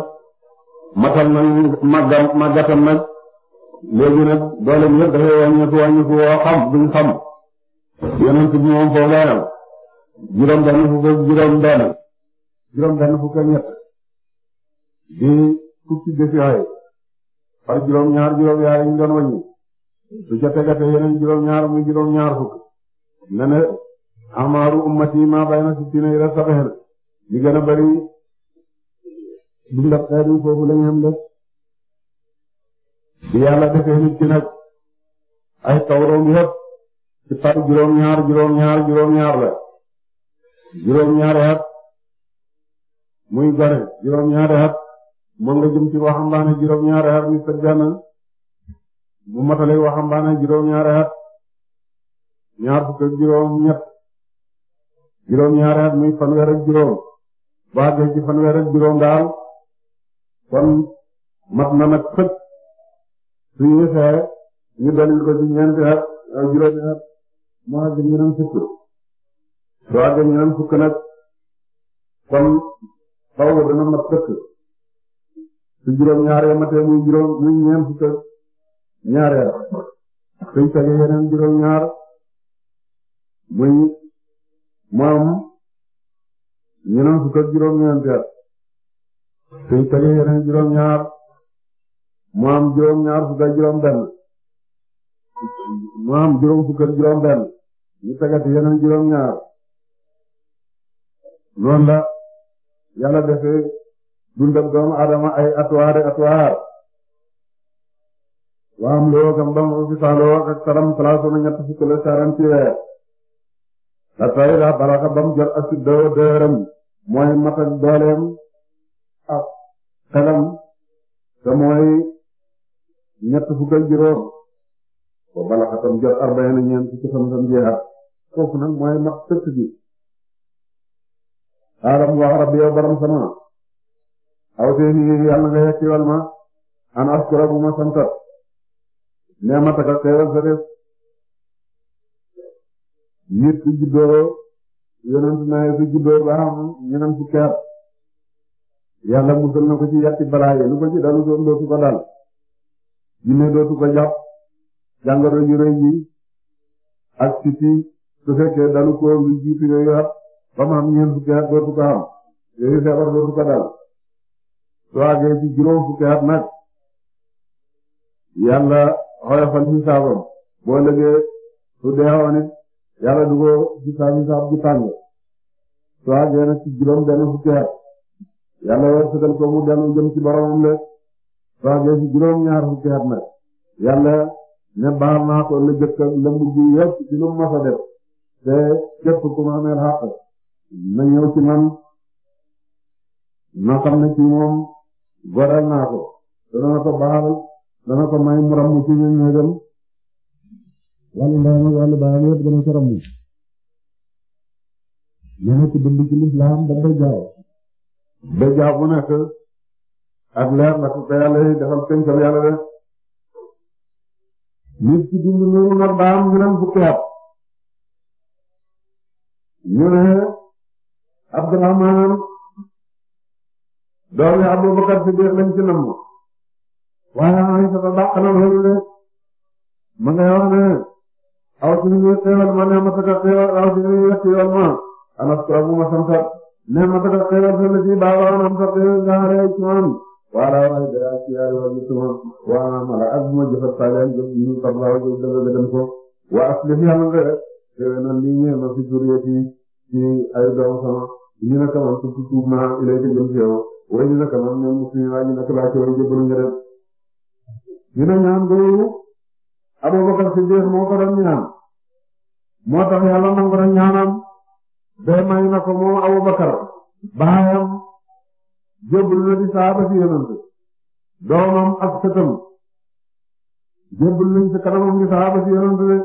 matal nañu màggam màggatam nag nag dooleem yëpp dafay wàññeeku wàññeeku woo xam duñ xam yeneen bi moom foofu laa yem juróom benn fukk ak juróom benn juróom benn fukk ak ñett di fukki def yooyu par juróom-ñaar yi su jafe-jafe yeneen juróom-ñaar muy juróom-ñaar fukk ne amaaru ummati ma bayna sittina ila sab'in li gën a bari bindab xeet yi foofu lañ xam de bi yàlla defee nit ki nag ay tawroom yëpp ci par juróom-ñaar juróom-ñaar juróom-ñaar la juróom-ñaari at muy gone juróom-ñaari at moom nga jëm ci waxambaane juróom-ñaari at muy sëgg bu matale waxambaane juróom-ñaari at ñaar fukk juróom-ñett juróom-ñaari at muy fanweer ak juróom bu àggee ci fanweer ak juróom daal kon mat na nag fëj suñuy xee ñu dalil ko ci ñeenti at ak juróomi at mu àgg muy juróom muy ñeent fukk ñaareel suñ tegee yeneen juróom ñaar muy moom ñeneen fukk ak juróom ñeenteel suñ tegee yeneen juróom ñaar moom juróom ñaar fukk ak juróom benn moom juróom fukk ak juróom benn ñu tegati yeneen juróom ñaar noonu la yàlla defee dundam doomu adama ay atuwaare atuwaar waa loo gam ba mu fi saaloo ak salam salaasu ñett fukk la saran ci weer datay la balaxa jot ak doo dëram mooy matal dooleem ak xelam te mooy ñett fukk ak juróom ba balaxa tam jot arbaye na ñeent ci sam sam jeexat foofu mooy mat sëkk gi xaalam wax rabbi yow sama aw teeni yàlla nga yekkiwal ma an askura bu ma santat nemataka xeewal sa def nit ku juddoo yonent ba am ñeneen fukki at musal na ko ci yetti balaa yi ci dalu doon dal jinne dootu ko jàpp jàngoro yu ak siti su fekkee dalu ko lu jiitu yooyu ba mu am ñeent fukki at dootu ko am yooyu dal soo àggee ci juróom fukki nag yàlla oyofal xisaabam boo lëgee su deewoon it yàlla du ko xisaab xisaab bu tàng su àggee ci juróom benn fukki at yàlla wërsëgal ko mu dellu jëm ci boromam de su àggee ci juróom ñaar fukki at nag ne baal naa ko la jëkk la mujj ci lu ma def te képp ku ma amee na ñëw man na xam ne ci moom goral naa ko te dana ko baal dana ko may mu ramm ci biir néegam wàllu ndeyam ak wàllu baayam yëpp dana ko ramm ñu nekk dund ci lislaam da koy jaaw da jaaw bu nekk ak leer la ko yàlla yi defal tënkal yàlla def nit ci dund noonu nag baam ñu dem fukki at ñu ne Abdurahmaan doomi Abubakar Siddiq lañ ci namm waaye Aysa ba bàq na loolu de ma ngay wax ne aw si ma ne ma tëkk xéewal aw si ñu xéewal ma anastrabu ma samsat ne ma tëkk xéewal fa la ci baabaam am sax xéewal nga xare ci man wala waay dara ci yaay wal waa mala ak ma jëfat sagal jëf ñu tablaaw jëf dëgg dëgg ko wa aslih yàlla ma fi juriyati ci ay doom sama ñu ne kaman tuub tuub ilay te jëm ci yow way kaman ne muslim waa ñu ne ñaan googu Abubakar Siddiq moo ko doon ñaan moo tax yàlla nangu na ñaanam day may na ko moom Abubakar baayam jébbalu na di saaba si yonent doomam ak sëtam jébbalu nañ si kanamam di saaba si yonent de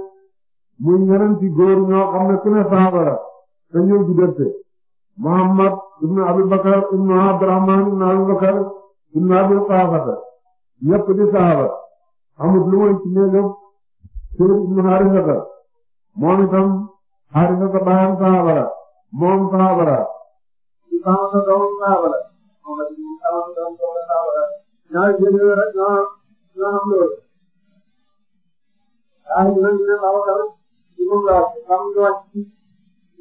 muy ñenenti góor ñoo xam ne ku ne saaba la te ñëw di def Muhammad ibnu Abi Bakar ibnu Abdurrahman ibnu Abi Bakar ibnu Abi Quhaafata ñépp di saaba amul lu muy ci néegam Sayyid ibn Haarisa moom itam Haarisa baayam sahaaba la moom sahaaba la Usaama doom sahaaba la moom la Usaama doom sahaaba la ñaari jël yooyu rek ñoo ñoo am loolu ay ñu ne Abubakar ci moom la xam nga wàcc ci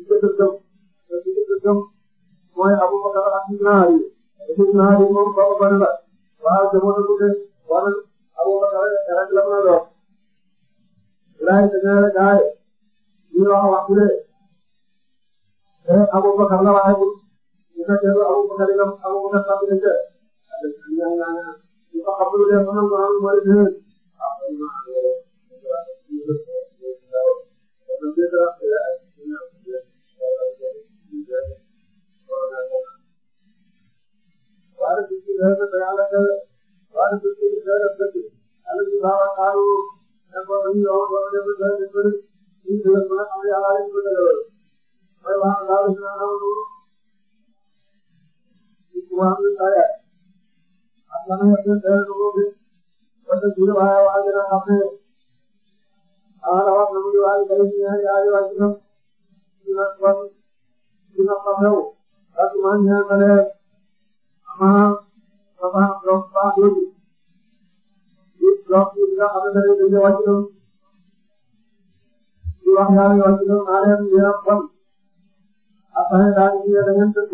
jëkk gëm te ci jëkk gëm mooy Abubakar ak Sayyidina Ali Sayyidina Ali moom baba bari la waa jamono bu dee wala Abubakar rek la mën a doon. Bilaay dañu ne la gaay ñu wax wax bu dee. te Abubakar la waaye bu ñu fekkee ba Abubakar itam Abubakar sax dina jël. ñu ko xam lu dee fanaan fanaan mooy dëgg. waaw. waaye bu dee dee def dëkk Aliou bi baax a xaaru ne ko ñu yow boo def dëkk bi bëri ñu ngi leen mën a am yàlla ñu bëgg a lool. waaye baax a xaaru si naan amul ci kuwaam bi xaaral ak lan nga def dëkk bu bëri ba dëkk bi waaye waa dina xam ne xaaral wax na mu ngi waaye kay ñu ñaan yàlla waa ci ñoom dina xam dina xam xew parce que man ñaan na leen amaa. safara ndox baax yooyu ndox bi nga xamante ne dañu wàcc doon di wax yàlla wàcc doon maa leen di am bon après daal di ne da ngeen tëj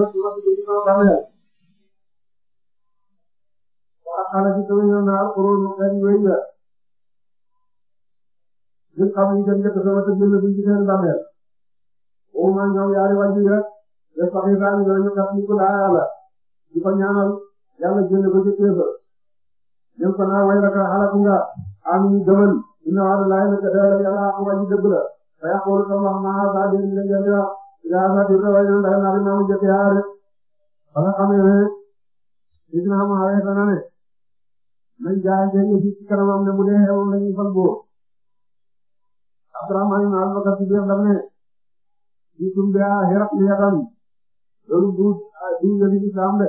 la ci wax dëgg la. waaw xanaa ci sama yoon naa xuroo ñu xeet yooyu la. ñun la duñ ci seen bàmmeel. au moins ñoom yaari wàcc yi rek de sax yi daal ñooñu kat ñu ko la. di ko ñaanal yàlla génne ko ci kéefër ñun ko naa way la ka xalaku nga amin gëmal inna wa'da llaahi naka dëgg yàlla ak waji dëgg la fa yaqulu sama wax naa saa dégg nga jënd wax yaa saa dégg way nan day naa di maamu jëkk yaa rek ba nga xamee ne gis naa ma xawee dana ne nañ jaay jënd ci kanamam ne bu dee xewoon lañuy fal boo Abdurahmaan ibn Abubakar si biir daf ne ci tumbe a xeraq li yatan loolu du du nga di islam de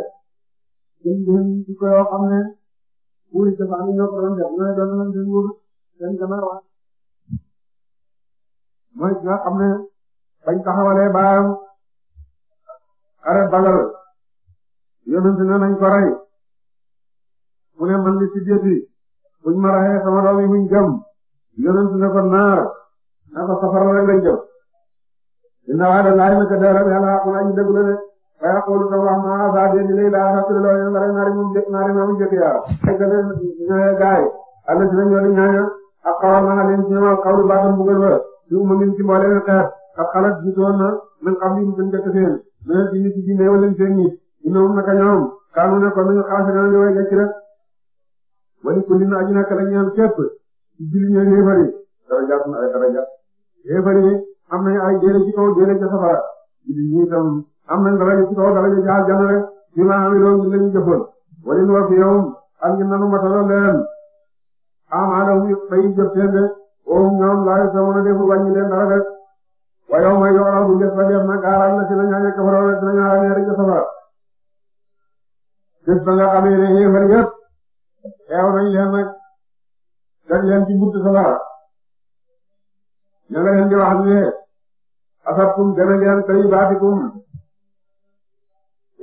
seen yeneen jikko yoo xam ne buur yi dafa am ñoo ko doon def ñooy doon nañ seen nguur seen gannaaw mooy ki nga xam ne bañ taxawalee baayam xare Badar yonent ne nañ ko rey mu ne man li ci gerte buñ ma raxee sama doom yi buñ gëm yonent ne ko naar na ko safara rek lañ jëm. dina waaye da laay na ko dee rek yàlla xaqu naa ñu déglu de. waaye xoolu sax wax naa saa dee ni léegi laa saa loo yëngal rek naa leen moom jë naa leen moom jëkk yaa. fekk na ñooy gars yi àll ci la ñu war a ñaan ak xawar naa leen ci ñoom xawlu baatam bu gën ba ñu mu ngi ci mboolem xeex ak xalaat bi doon na nañ xam li ñu gën jëkk seen mais ci nit yi néew leen seen nit ñoom naka ñoom kaanu ne kon nañu xaase nañ la way gëcc rek wala ku li naaj nekk rek ñaan képp ci julli ñooy yéefar yi dara jàpp na ay dara jàpp yéefar yi am nañu ay déere ci kaw déere ca safara julli ñi tam am nañ daraja ci kaw daraja jaal jana rek ñu ma am doon lañu jëfoon walin wa fi yawm ak ñu nanu matala leen amalahum fay jëf seen de wowum ñoom laayu samona defu wàññi leen dara rek wa yawma yoora bu njëf ba def na gaaraal na ci la ñaañe kafaroo rek na ñaara neeri ca safara bés ba nga xamee ne yéefar yépp xeew nañ leen nag teg leen ci buntu safara ña nga leen di wax ne asabtum gën a ngeen tayyibaatikum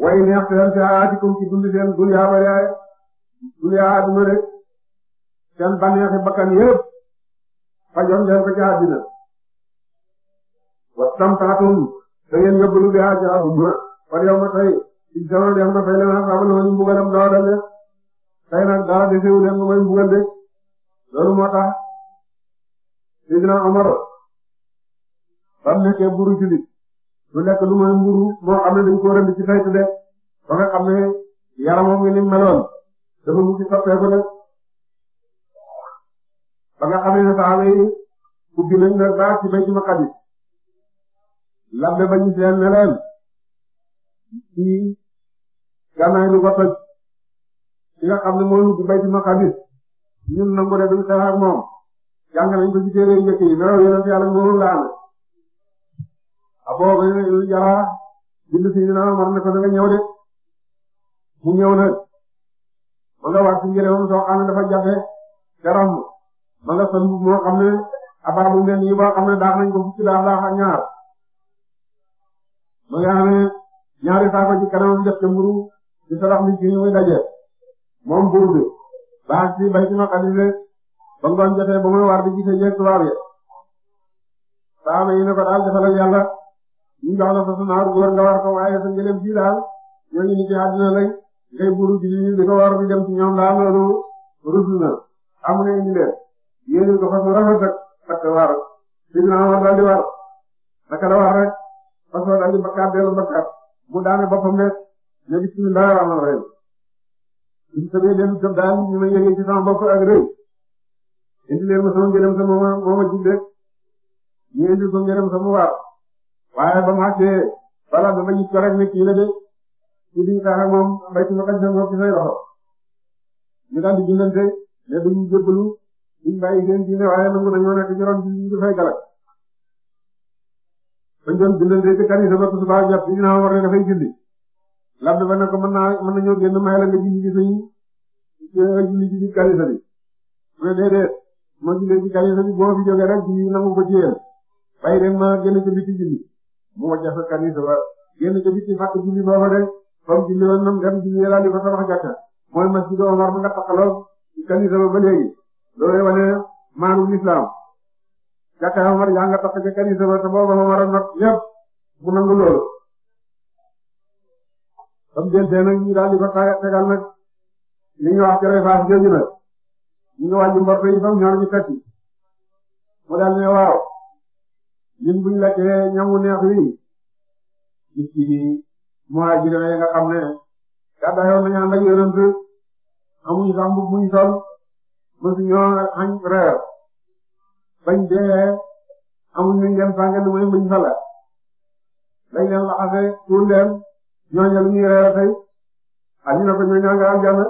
way neex seen fi hayaatikum ci dund seen duniya ba yaay duniya àdduna rek seen bànneexi bakkan yépp fajoon ngeen ko ci àddina wastamtaatum da ngeen yóbbalu bi haa ci àdduna par yow ma tey ci jamono def na fay leen asaba la ñu mbugalam doo dale tey nag dara desewu leen lu may mbugal de loolu moo tax sidina Umar ba mu nekkee buru julit lu lekk lu mooy mburu moo xam ne dañ ko rënd ci saytu de ba nga xam ne yaramam ngi ni meloon dafa mujj soppeeku nag ba nga xam ne saxaaba yi ubbi nañ nag ba ci Baytul Maqdis labbe ba ñu seen ne leen ci gannaay lu ko toj ci nga xam ne mooy ubbi Baytul Maqdis ñun nangu de duñ xeex ak moom jàng nañ ko ci téere njëkk yi meloon yonent Yàlla moo la amee aboo ba yara bind si dina mar ne ko danga ñëw de mu ñëw nag ma nga war si njëriñam soo xam ne dafa jafe garam ma nga sol moo xam ne abaa bu mel nii boo xam ne daax nañ ko fukki daax daax ak ñaar ma nga amee ñaari saako ci kanamam def ca mburu ci sarax mi ci muy daje moom mburu bi baax ci bay ci ma xadise ba ngoon jotee ba muy war di gisee jeeg tubaab yi saaba yi ne ko daal defal ak yàlla ñu jox la fa sa naaru góor nga war ko waaye sa ngëlëm ji daal ñooñu ni ci àddina lañ ngay buuru ji ñu di ko war di dem ci ñoom daal loolu rudd na amu ne indi leen yéen ko fas rafet ak takk war sidina Umar daal di war takk la war rek fas wa daal di bakkaat dellu bakkaat mu daane boppam rek ne bismillahir rahmanir rahim ñu tamit leen gëm daal ñu ma yëgee ci sama bopp ak rëy indi leen ma sama ngëlëm sama mooma jib rek ñu indi ko ngëlëm sama waar waaye ba mu àggee balaa ba ba rek ne kii de kii bi moom mbéy mi ko jël moom ci say loxo ñu daal di bindante ne duñu jébbalu duñ bàyyi waaye nangu dañoo nekk ci ron bi ñu fay galak. bañ doon bindante kanisa ba subaa jot ñu naan war na dafay julli labbe ba ne ko mën naa mën nañoo génn may nga julli ci suñu julli kanisa bi mu ne déedéet ma jullee ci kanisa bi boo fi jógee rek julli nangu ko ci yéen ma génn ci biti mu wàcce sa kanisa ba génn ko biti fàkk julli booba de comme julli woon nam dem daal di fa tabax jàkka mooy masjid Omar ma nga taxaloo ci kanisa ba ba léegi loolu wane maanu islam jàkka Omar yaa nga tax ca kanisa ba te ma war a not mu nangu loolu comme del see nag ñu daal di ko fam ñoor ñu fekk mu daal ne waaw ñun buñ lekkee ñamu neex wi miskini muhajirina yi nga xam ne gàddaa yoon nañu ànd ak yonent amuñu sax mbubb muñ sol mësuñoo añ reer bañ dee amuñu ngeen sànge lu may muñ fala dañ leen laxase tuur leen ñooñu lu reer tey aju ah, na ko ñooñu nga aljanna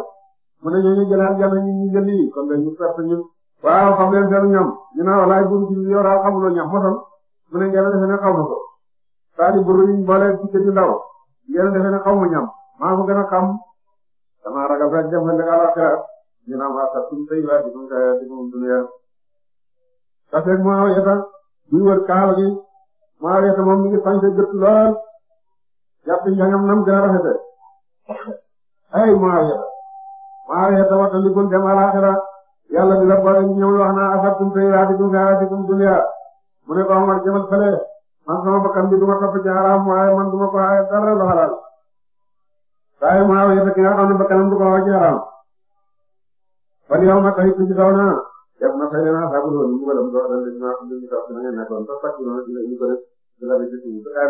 mu ne ñooñu jël aljanna ñu ñu jël yi kon dañu perte ñun waaw xam leen ñam ñu ne walaay buñ ci yoral xamuloo ñam mosal mu ne ngeen defe ne xaw ma ko Sadio Bourdin boole ci kër yu ndaw ngeen defe ne xaw ma ñam maa ko gën a xam damaa ragal rek jafe nga alaxira dina am asar suñu sëñ bi ak di ko di ko dunya kase Muawiyata di wër kaal gi Muawiyata moom mi ngi sañ sa gët lool jàpp njañam nam gën a rafete ay Muawiyata Muawiyata waxtalikul dem alaxira yàlla di la boole ñëw wax na asar suñu sëñ bi ak di ko dunya mu ne ko Omar jëmal fële man sama bakkan bi du ma topp ci haram waaye man du ko aaye dara lu halal waaye mu aaw yëpp ki nga xam ne bakkanam du ko waa ci ma tey tuuti daw naa yab na fay naa na dina ñu ko def dina ko def ba kaay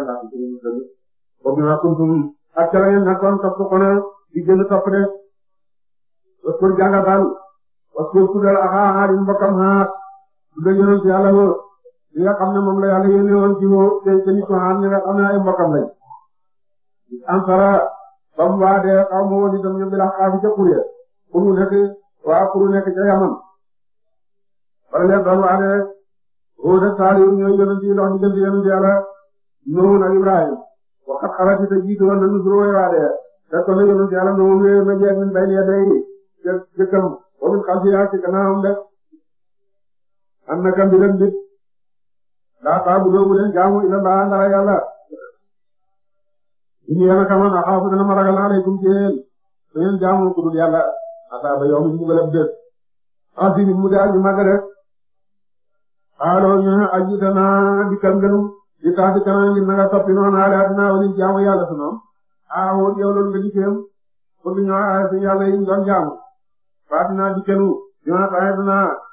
laa ko dindi dindi foog ñu naan kuntum ak ca la ngeen nekkoon topp ko na di jënd topp de parce que jàngataan parce que ku dal ak aaxaar yi li nga xam ne moom la yàlla yónnee woon ci woo tey jëli ñi nga xam ne ay mbokkam lañ ansara ba mu waa dee xaw ma woon itam ñoom bi la xaafi ca kuréel pour mu nekk waa pour mu nekk ca yaman wala leen ba mu waa dee woo de Saliou ñooy yonent yi dox diggante yonent yàlla Nuhu ak Ibrahim waxat xalaat yi te jiitu woon nañu suñu woy waa dee te kon yonent yàlla Nuhu ñëwee ma jeex min bay nee day ca jëkkam wa min xalfiha ci gannaawam de an naka mbiram nit laa taabudu bu leen jaamu illallah ndara yàlla inni naka man axaafu dana ma ragal alaykum ci yéen su ngeen jaamu ku dul yàlla asaaba yow mi mbugalab bés asini mu daal ñu màgg rek xaaloo ñu ne ajitanaa dikkal ngënu di tax di kanam ngir nanga soppi noonu alaatinaa waliñ jaamu yàlla su noonu aawoon yow loolu nga dikkeem pour ñu aaya su yàlla yi ñu doon jaamu faatinaa dikkanu ñu ne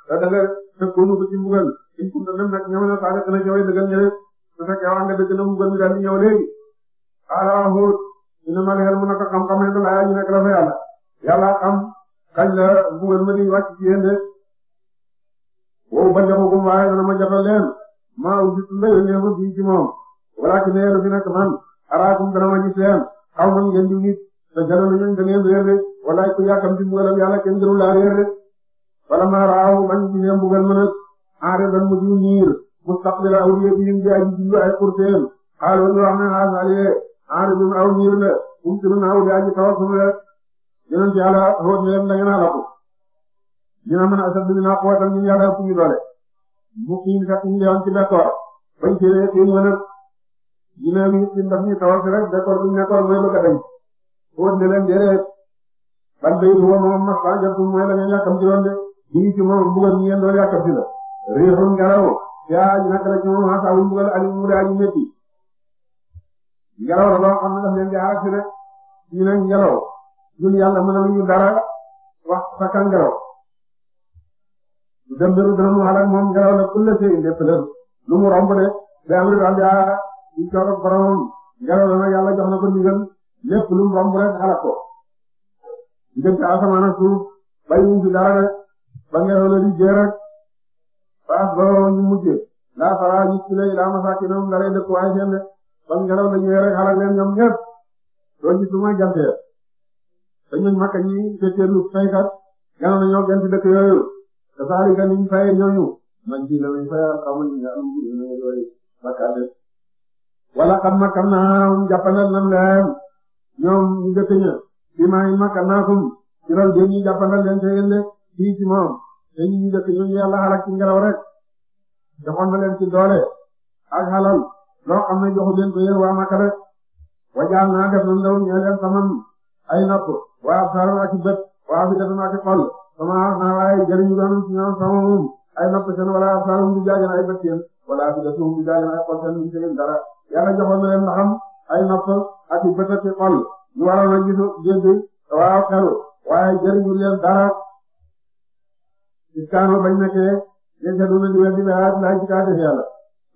da da nga fekk ko ñu ko ci mbugal in kunta même nag ñëw na saaga dana ñëwee dëggal ñëwee su fekkee waa nga dëgg na mbugal mi daal di ñëw léegi ala hóot ina mal xel mu naka xam-xam ne laa ñu nekk la fa yàlla yàlla xam kañ la mbugal ma di wàcc ci yéen de wow ba jafakum waaye dana ma jafal leen maa ujitu la yónnee ma bii ci moom walaaki ne yéen fi nekk man araakum dana ma gis leen xaw ma ngeen di nit te jaralu ñu ngeen réer de walaay ku yàkkam ci mbugalam yàlla kenn jëru laa réer de falammaa ra'awhu bañ gisee mbugal mën a aaridan mu di niir mustaqbila awdiyatihim di aji jublu ay xurteem xaaloo ñu wax ne xaasalee aaridun aw niir la mumtirun aw di aji taw suñu la yeneen ci yàlla xóot ne leen da ngeen a lakk dina mën a asad dina quwwatan ñu yàlla fu ñu doole mu xiin kat ñu leewoon ci bekkoor bañ cee xiin ma nag dina bi ci ndax ñu tawal si rek bekkoor bu ñu nekkoon mooy bëgg a dañ xóot ne leen déedéet ban bayit woo moom mas faa jot mooy la ngeen yàkkam ci woon de lii ci moom mbugal ñu yendoo yàkka fi la réexum ngelaw yaa ji naka la ci moom xasaa wu mbugal ali mu daa ji métti ngelaw la loo xam ne daf leen di xaar si rek ñu ne ngelaw ñun yàlla mën nañu dara wax sakka ngelaw dem biru dana mu xalaat moom ngelaw la pële see ndépp lër lu mu romb de day am daal yaa ñu cooro boromam ngelaw la nag yàlla jox na ko ndigal lépp lu mu romb rek xalaat ko diggante asamaan ak suuf bàyyi wuñ fi dara rek ba ngelaw la di jër rek faas ba waroon ñu mujj laa faraa ñu ci lay laa ma sàkki noonu nga lay dëkkuwaay seen de ba ngelaw la ñëwee rek xalak leen ñoom ñëpp doo gis lu may gàncax te ñun makk ñi féeteelu faykat ngelaw la ñoo gën ci dëkk yooyu te saali ka niñ fayee ñooñu man ci la may fayal xamuñ ne am nañu looy bakkaate wala xam makkam naa jàppandal nan leen ñoom ñu dëkk ña fi maa ngi makka naa kum ci loolu jën ñi jàppandal leen te yéen de. fii ci moom te ñu ñu dëkk ñu yàlla xalak ci ngelaw rek ci doole ak xalal loo xam ne joxu leen ko waa Makka rek wajaal naa def nañ law ñee leen saman ay nopp waa absaaran ak bët waa afidatan ak xol sama naa waaye jëriñu doon ci ñoom sama moom ay nopp seen wala absaarum du jaagen ay bët seen wala afidatum du jaagen ay xol seen ñu seen dara yàlla joxoon na leen ndaxam ay nopp ak bët ak xol ñu waroon a gisu dégg waaw xelu waaye jëriñu leen iskaano bañ nekkee yashaduna di weddi laa laa ci kaatu yàlla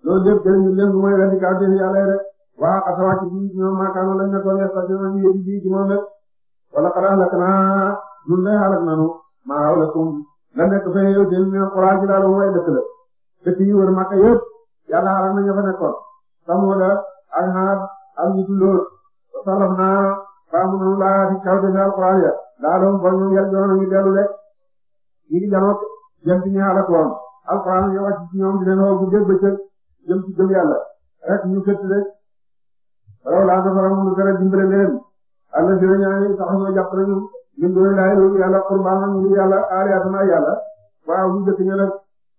loolu lépp jëriñu leen lu mooy weddi kaatu yàlla rek waa xasawaat ci ñoom maakaano lañ nekkoon yastasiruna ñu yeddi ci moom rek wala xanaa la kanaa ñun day xaaral nanu maa xaw la kum la nekk fee yow seen ñoom xuraaj laa la mooy dëkk la dëkk yi wër Makka yëpp yàlla xaaral nañu fa nekkoon samuda ak xaar ak ñu tulloo salaf naa faamu nanu laa ci kaw defee alxuraan ya daa doon bon ñoom yàlla joxe nañu dellu rek ñu ngi janook jëm ci ñi alakoon alxuraan yi wàcc ci ñoom di leen woo guddeeg bëccëg jëm ci gëm yàlla rek ñu fëtt rek raw laa nafaram mu dara dimbale leen alla si ñaani sax ñoo jàpp nañu ñun doon laay loolu yàlla qurbaan ñu yàlla aaliyaatama yàlla waaw ñu jëkk ñu nag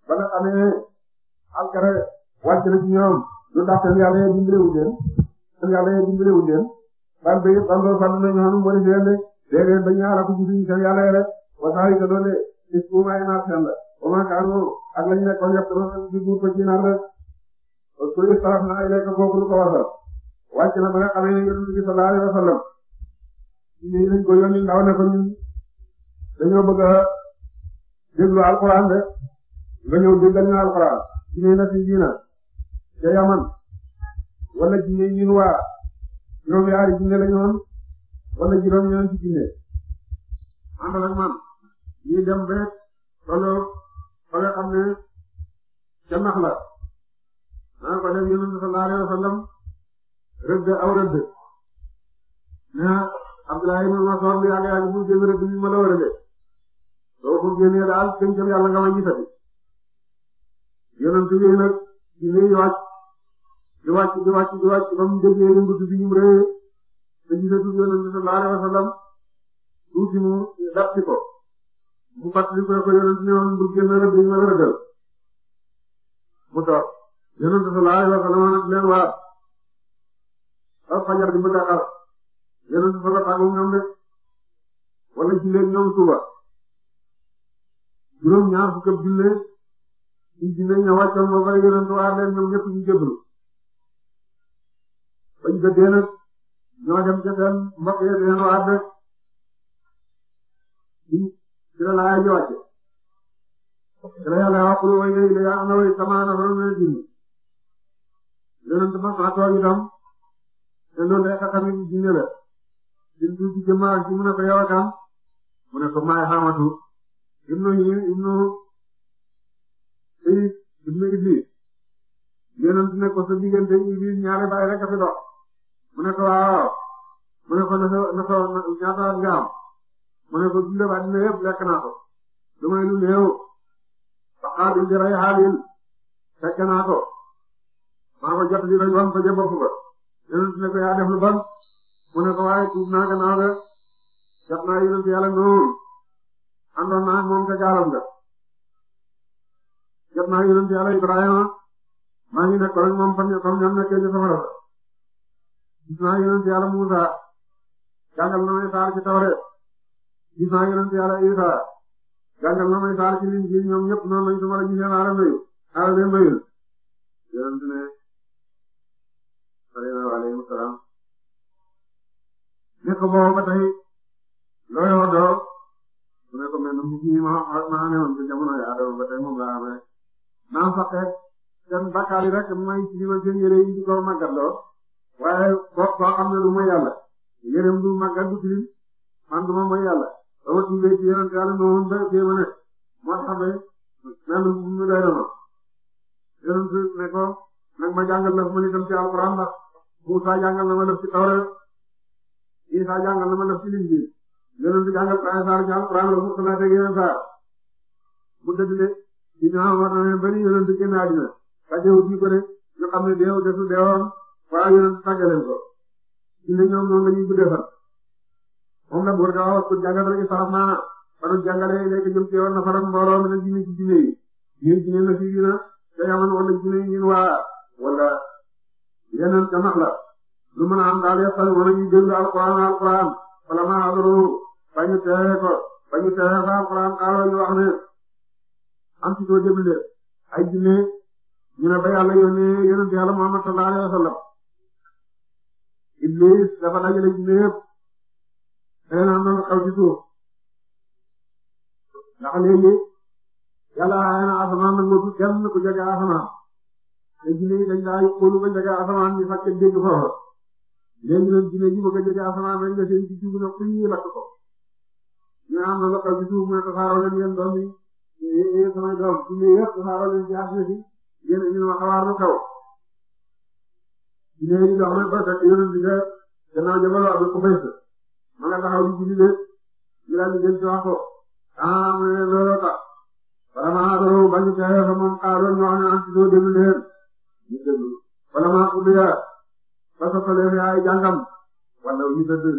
ba nga xamee alkare wàcc na ci ñoom lu tax tam yàlla yee dimbale wu leen tam yàlla yee dimbale wu leen ban ba yëpp ban ba fan na ñoonu moo di seen de déedéet ba ñu alaku ci suñu seen yàlla rek wasaari ka doon de ci suuf ay naaf seen la Omakaanu ak lañ nekkoon yëpp dama di buur ko ci nar rek suy saraf naa lekk kooku lu ko wasal wàcc na ba nga xamee ne yonent bi sallallahu alayhi wa sallam nii lañ ko yónni ndaw ne ko ñun dañoo bëgg a déglu alquran de nga ñëw déggal ñu alquran ci ne na fi diina ca yaman wala jinne yi ñu waa juróom yaari jinne la ñu woon wala juróom ñaan ci jinne ànd ak man ñuy dem ba tolloo fa nga xam ne ca nax la dana ko def yonent sallallahu alayhi wasallam rëdd aw rëdd na Abdullah ibn Mas'ud yàlla yàlla bu jëm rëdd bi ma la war a def soo ko génnee daal pencam yàlla nga ma gisati yonent bi nag ci lay wàcc di wàcc di wàcc di wàcc ba mu déggee yëngatu bi ñu réyee te gisatu yonent sallallahu alayhi wasallam tuuti mu dàpp ko mu fàttali ko yonent bi woon bu génn rek dañ la rëgal mu toog yonent sallallahu alayhi wa sallam nag leen waat ak fajar bi mu taxaw yonent fa la tàggu ñoom de wala jullee ñoom suba juróom ñaar fukk ak jullee ñu jullee ña wàccoon ba pare yonent waat leen ñoom ñëpp ñu jébbalu bañ gëddee nag ñoo dem ca seen mbokk yi yonent waat ci la laaya ji wàcce ci la yàlla wax lu wéy la yàlla na wéy sama na waroon na jinni yonent ma saa toog itam te loolu day xaxam yi jinne la din tuuti jëmm ak ji mu ne ko yow kan mu ne ko maay xamatu ibnu ibnu ibnu ibnu iblis yonent ne ko sa diggante iblis ñaari baay rek a fi dox mu ne ko waaw mu ne ko na ko ñaata at nga am mu ne ko dundee ba dina yëpp lekk naa ko lu may lu néew ba xaabil di rey xaabil fekk naa ko maa ko jot li rek wam ko ja bopp ba yonent ne ko yaa def lu ban mu ne ko waaye tuub naa gannaaw ga jot naa yonent yàlla noonu àndoon naa moom ca gaalam ga jot naa yonent yàlla Ibrahima maa ngi nekk rek moom fan nga xam ñoom nekkee ñu safara sa gis naa yonent yàlla Muusa jàngal na may saar ci tawreet gis naa yonent Yàlla Isa jàngal na may taal ci liñ ñoom ñëpp noonu lañ ko mën a gisee naara mbayu naara de mbayu yonent ne alayhi salaam ne ko boobu ba tey looy woddoo mu ne ko mel na fukki ma ma ne woon ci jamono yi Adama ba tey moom laa amee naa saqee seen bakkaar yi rek may ci ma seen yére yi di ko màggatloo waaye koo koo xam ne du ma yàlla yéreem du màggat du tilim man du ma mooy yàlla amul suñu béy ci yeneen yàlla moom ba kii ma nekk moo tax ba benn bu mu lay doon yeneen su ne ko nag ma jàngal la ma nekk ci alquran ndax Musa jàngal na ma def ci tawra Isa jàngal na ma def ci Linjiil yeneen su jàngal ay saar ci alquran la mu xalaat ak yeneen saar bu dëddile ci ñoom war na leen bëri yeneen su génn àddina tajewu ji ko de ñu xam ne deewu desu deewoon waaye yeneen su tàggaleen ko ci ne ñoom noonu la ñuy guddee sax moom la góor ga wax ku jàngatal gi faram maa fanu na faram mbooloo mi na jinne ci jinne na fii na te yaman wala jinne yi waa wala yeneen ca max la lu mën a am daal yàq wala ñu jënd alquran alquran wala ma adoro bañu teexe ko bañu am ci doo jëble ay jinne ñu ne ba yàlla yónnee yonent yàlla Muhammad sallallahu alayhi wa sallam Iblis dafa dajale jinne yëpp xëy na xaw ci suuf ndax léegi yàlla xëy na asamaan nag moom kenn ku jege asamaan te jinne yi dañ daa xoolu ba jege asamaan ñu fàtte dégg foofa léegi nag jinne yi bëgg a jege asamaan rek nga seen ci suuf nag fu ñuy lakk ko ñu am na la xaw ci suuf mu ne tasaaroo leen yéen doom yi yéen samay doom jinne yëpp tasaaroo leen ci àdduna si yéen ñu ma xawaar lu xew jinne yi dox nañ ko fekk yonent bi gannaaw jabaloo ak ko fay ma nga taxaw di julli lépp ñu daal di jël ci wax ko ah mu ne looloo tax vraiment loolu ba ñu teewee fa moom ah loolu ñu wax ne am ci doo déglu leen ñu déglu wala maa ko bëgg fa soxalee ay jàngam wala ñu déglu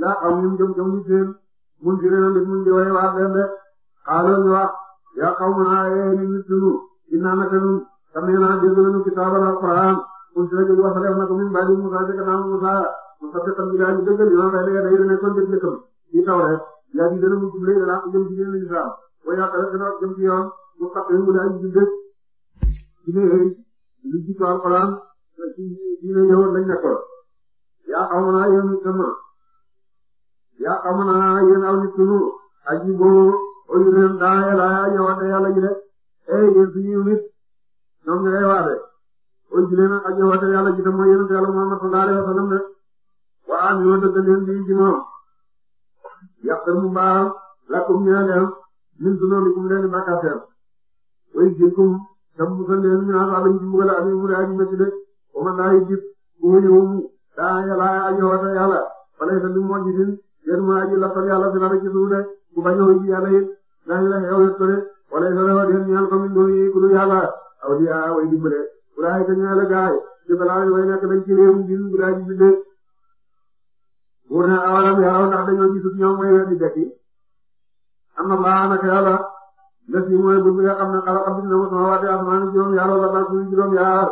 la am ñu jëm jëm ñu seen mun ci réew mi mun di way waat leen de ah loolu ñu wax yaa xaw ma naa yee ni ñu sunu innaa naka nun tamit naa déglu ñu kitaabal alquran mun ci la jóg wax def na ko min bàyyi Musa jëkk naa Musa musaddiqan bimaa ñu dëggal yoon rek ne day nekkoon dëgg dëkkam ci Tawreet yaa ngi gën a mujj léegi laa jëm ci yeneen islam waaye yaa ko def jëm ci yoon mu fàttali mu daal di dëkk di leen lu jiitu alxuraan ci diine yahuud lañ nekkoon yaa xamuna yéen sama yaa xamuna aw nit sunu aji boo oyu leen daa yàlla ñëwaate yàlla ji de eh yéen suñuy nit ñoom ñooy waate oyu leen aji waate yàlla ji de mooy yéen yàlla Muhammad sallallahu alayhi wa sallam de waa ñoo dëgg leen bii ci moom yàq mu baax lakum ñoo dem min dunuubikum leen bàkkaar seen way jikum tam musal leen ñu naan abañ ci mbugal ami mu aji métti wa man laa yujib kuwayum daa yàlla aji wata yàlla falay sa bi mojitin yéen mu aji lappal yàlla sila rek ci suuf ku bañ a wuy ji yàlla it dañ la xew yëpp de walay sa rewa den ñaan ko min dooni ku du yàlla awliya way gaay ci balaa way nekk dañ ci réewum din bu daa ji binde wur ne awalam yaraw ndax dañoo gisut ñoom mooy weddi dekki am na laa naka yàlla les yi mooy bur bi nga xam ne xalaqa bind na mu sama waati asmaani juróom yaar wala bal suñu juróom yaar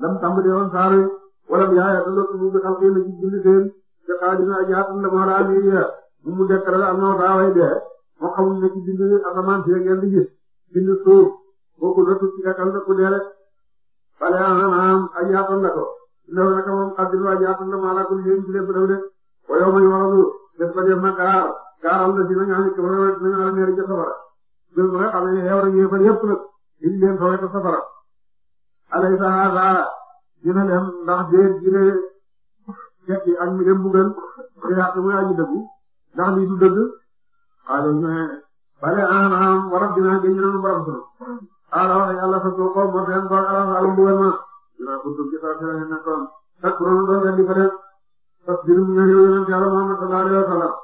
lam tàmbali woon saar wi wala bi yaaya ta lottu mu bi xalqi na ci bindi seen te xaadina aji haatan la moora amiriya mu mu dekkaral al mawta way dee moo xamuñ ne ci bind asamaan si ngeen di gis bind suuf kooku lottu ci kakkal na ku dee rek fale anam aji haatan la ko ndaw naka moom xaddiru aji haatan la moora kun xeen ci lépp daw de wala muy waradu bés ba dem na gaar gaaral la si nañu xam ne kéema nañu xam ne ca safara bés ba nga xam ne xew rek yéefar yépp nag indi leen fa wet safara alaysa hada dina leen ndax déet dina tekki ak mi leen buggal te yàq muy aji dëggu ndax lii du dëgg xaaral ne bale aan am warab dinaa génn nañu borom sunu ala wax yàlla fa soo ko moo seen bor ala fa alam buggal ma dinaa kuntum ci sa seen nekkoon takkuroon doon leen di fa def sax biir mu ngi yonent Yàlla Muhammad sallallahu alayhi wa sallam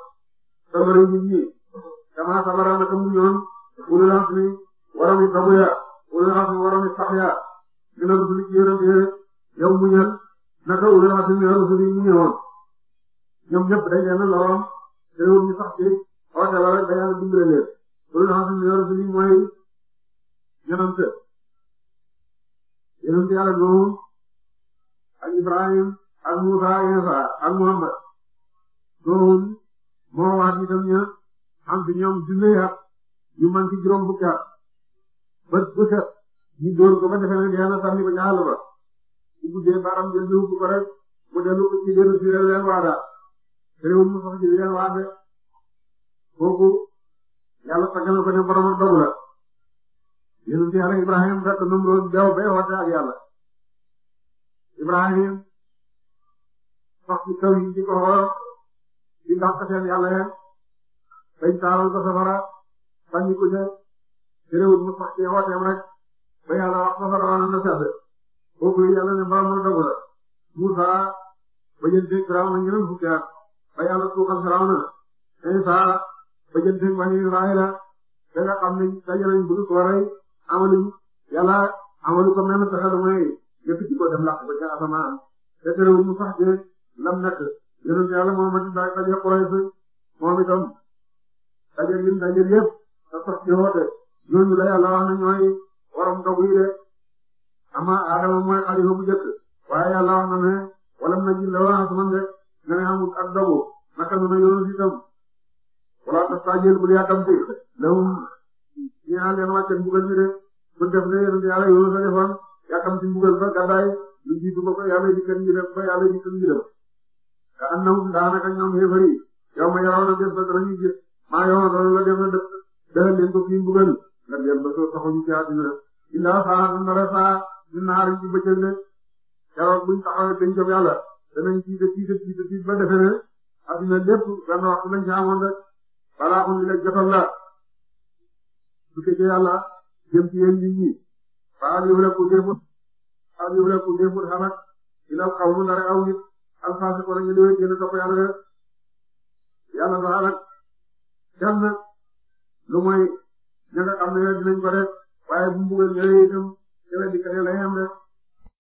sabara nit ñi kama sabara naka mu ñoon ulul azmi warami dabuya ulul azmi warami sahya dina rusuli ci yonent yi yow mu ñal naka ulul azmi ya rusuli mu ñëwoon ñoom ñëpp dañ leen loroon te ñu sax ci oote la rek dañu dimbale leen ulul azmi ya rusuli mooy yonent yonent Yàlla Nuux ak Ibrahim ak Muusa Isa ak Muhammad doon moo wax ni tam ñu xam fi ñoom junne at ko ba defe ne dee na sànni ba ñaar ba bu guddee baram jël jiw bu ko mu dellu ko ci dellu si leen waada réewum mu sax ci leen waade kooku yàlla sagal ko ne borom ak dogu la yéen ci yàlla Ibrahima fekk na mu doon beew bee woote ak yàlla Ibrahima sax ci kaw yi di ko xool di dàq seen yàlla yéen bañ taaral ko safara bañ ko ñëw terewul mu sax ci wooteem rek ba yàlla wax safara wala na sedd kooku yàlla ne mbaa mën a dogu la Musaa bajanteeg Firawna ñeneen fukki at ba yàlla tuuxal Firawna Isaa bajanteeg bani Israayila da nga xam ne dajalañ bëgg ko waray amaluñ yàlla amalu ko mel ne pexe lu may yëpp ci ko dem làq ba ca asamaan te terewul mu sax ci lam nekk yonent yàlla Muhammad daay daje Quraysh moom itam daje lim daje yëpp da sax ci woote ñooñu la yàlla ne ñooy waram dog yi de ama Adama mooy xalifa bu njëkk waaye yàlla wax na ne walam na jilla wa asman de nga ne ak dogu naka nu na yonent itam wala tastaajil bul yàkkamti lawum ñaa leen wàcce mbugal mi de bu def ne yonent yàlla yonent sa defoon yàkkamti mbugal ba gàddaay lu jiitu ba ko yàlla dikkal ñu def ba yàlla ka annahum daanaka ñoom yéefar yi yow ma yoroon a bés ba dara ñuy gis maa yoroon loolu nga dem na def defal leen ko fi mbugal nga dem ba soo taxuñu ci àddina illaa saa'atan narasaa min naarin ci bëccëg ne keroog buñ taxawee dañ jëm yàlla danañ tiita tiita tiita tiit ba defe ne addina lépp benn waxtu lañ ci amoon rek balaa xun bi la jotal la su fekkee yàlla jëm ci yéen nit ñi faa liwla ku défut faa liwla ku défut xanak ilal xawlu ndare aw nit alfaasiqoon ñu ñëwee génn topp yàlla de yàlla ba alak kenn lu mooy ña nga xam ne dinañ ko def waaye bu mu bëggee ñëwee itam jëlee dikkatee lay am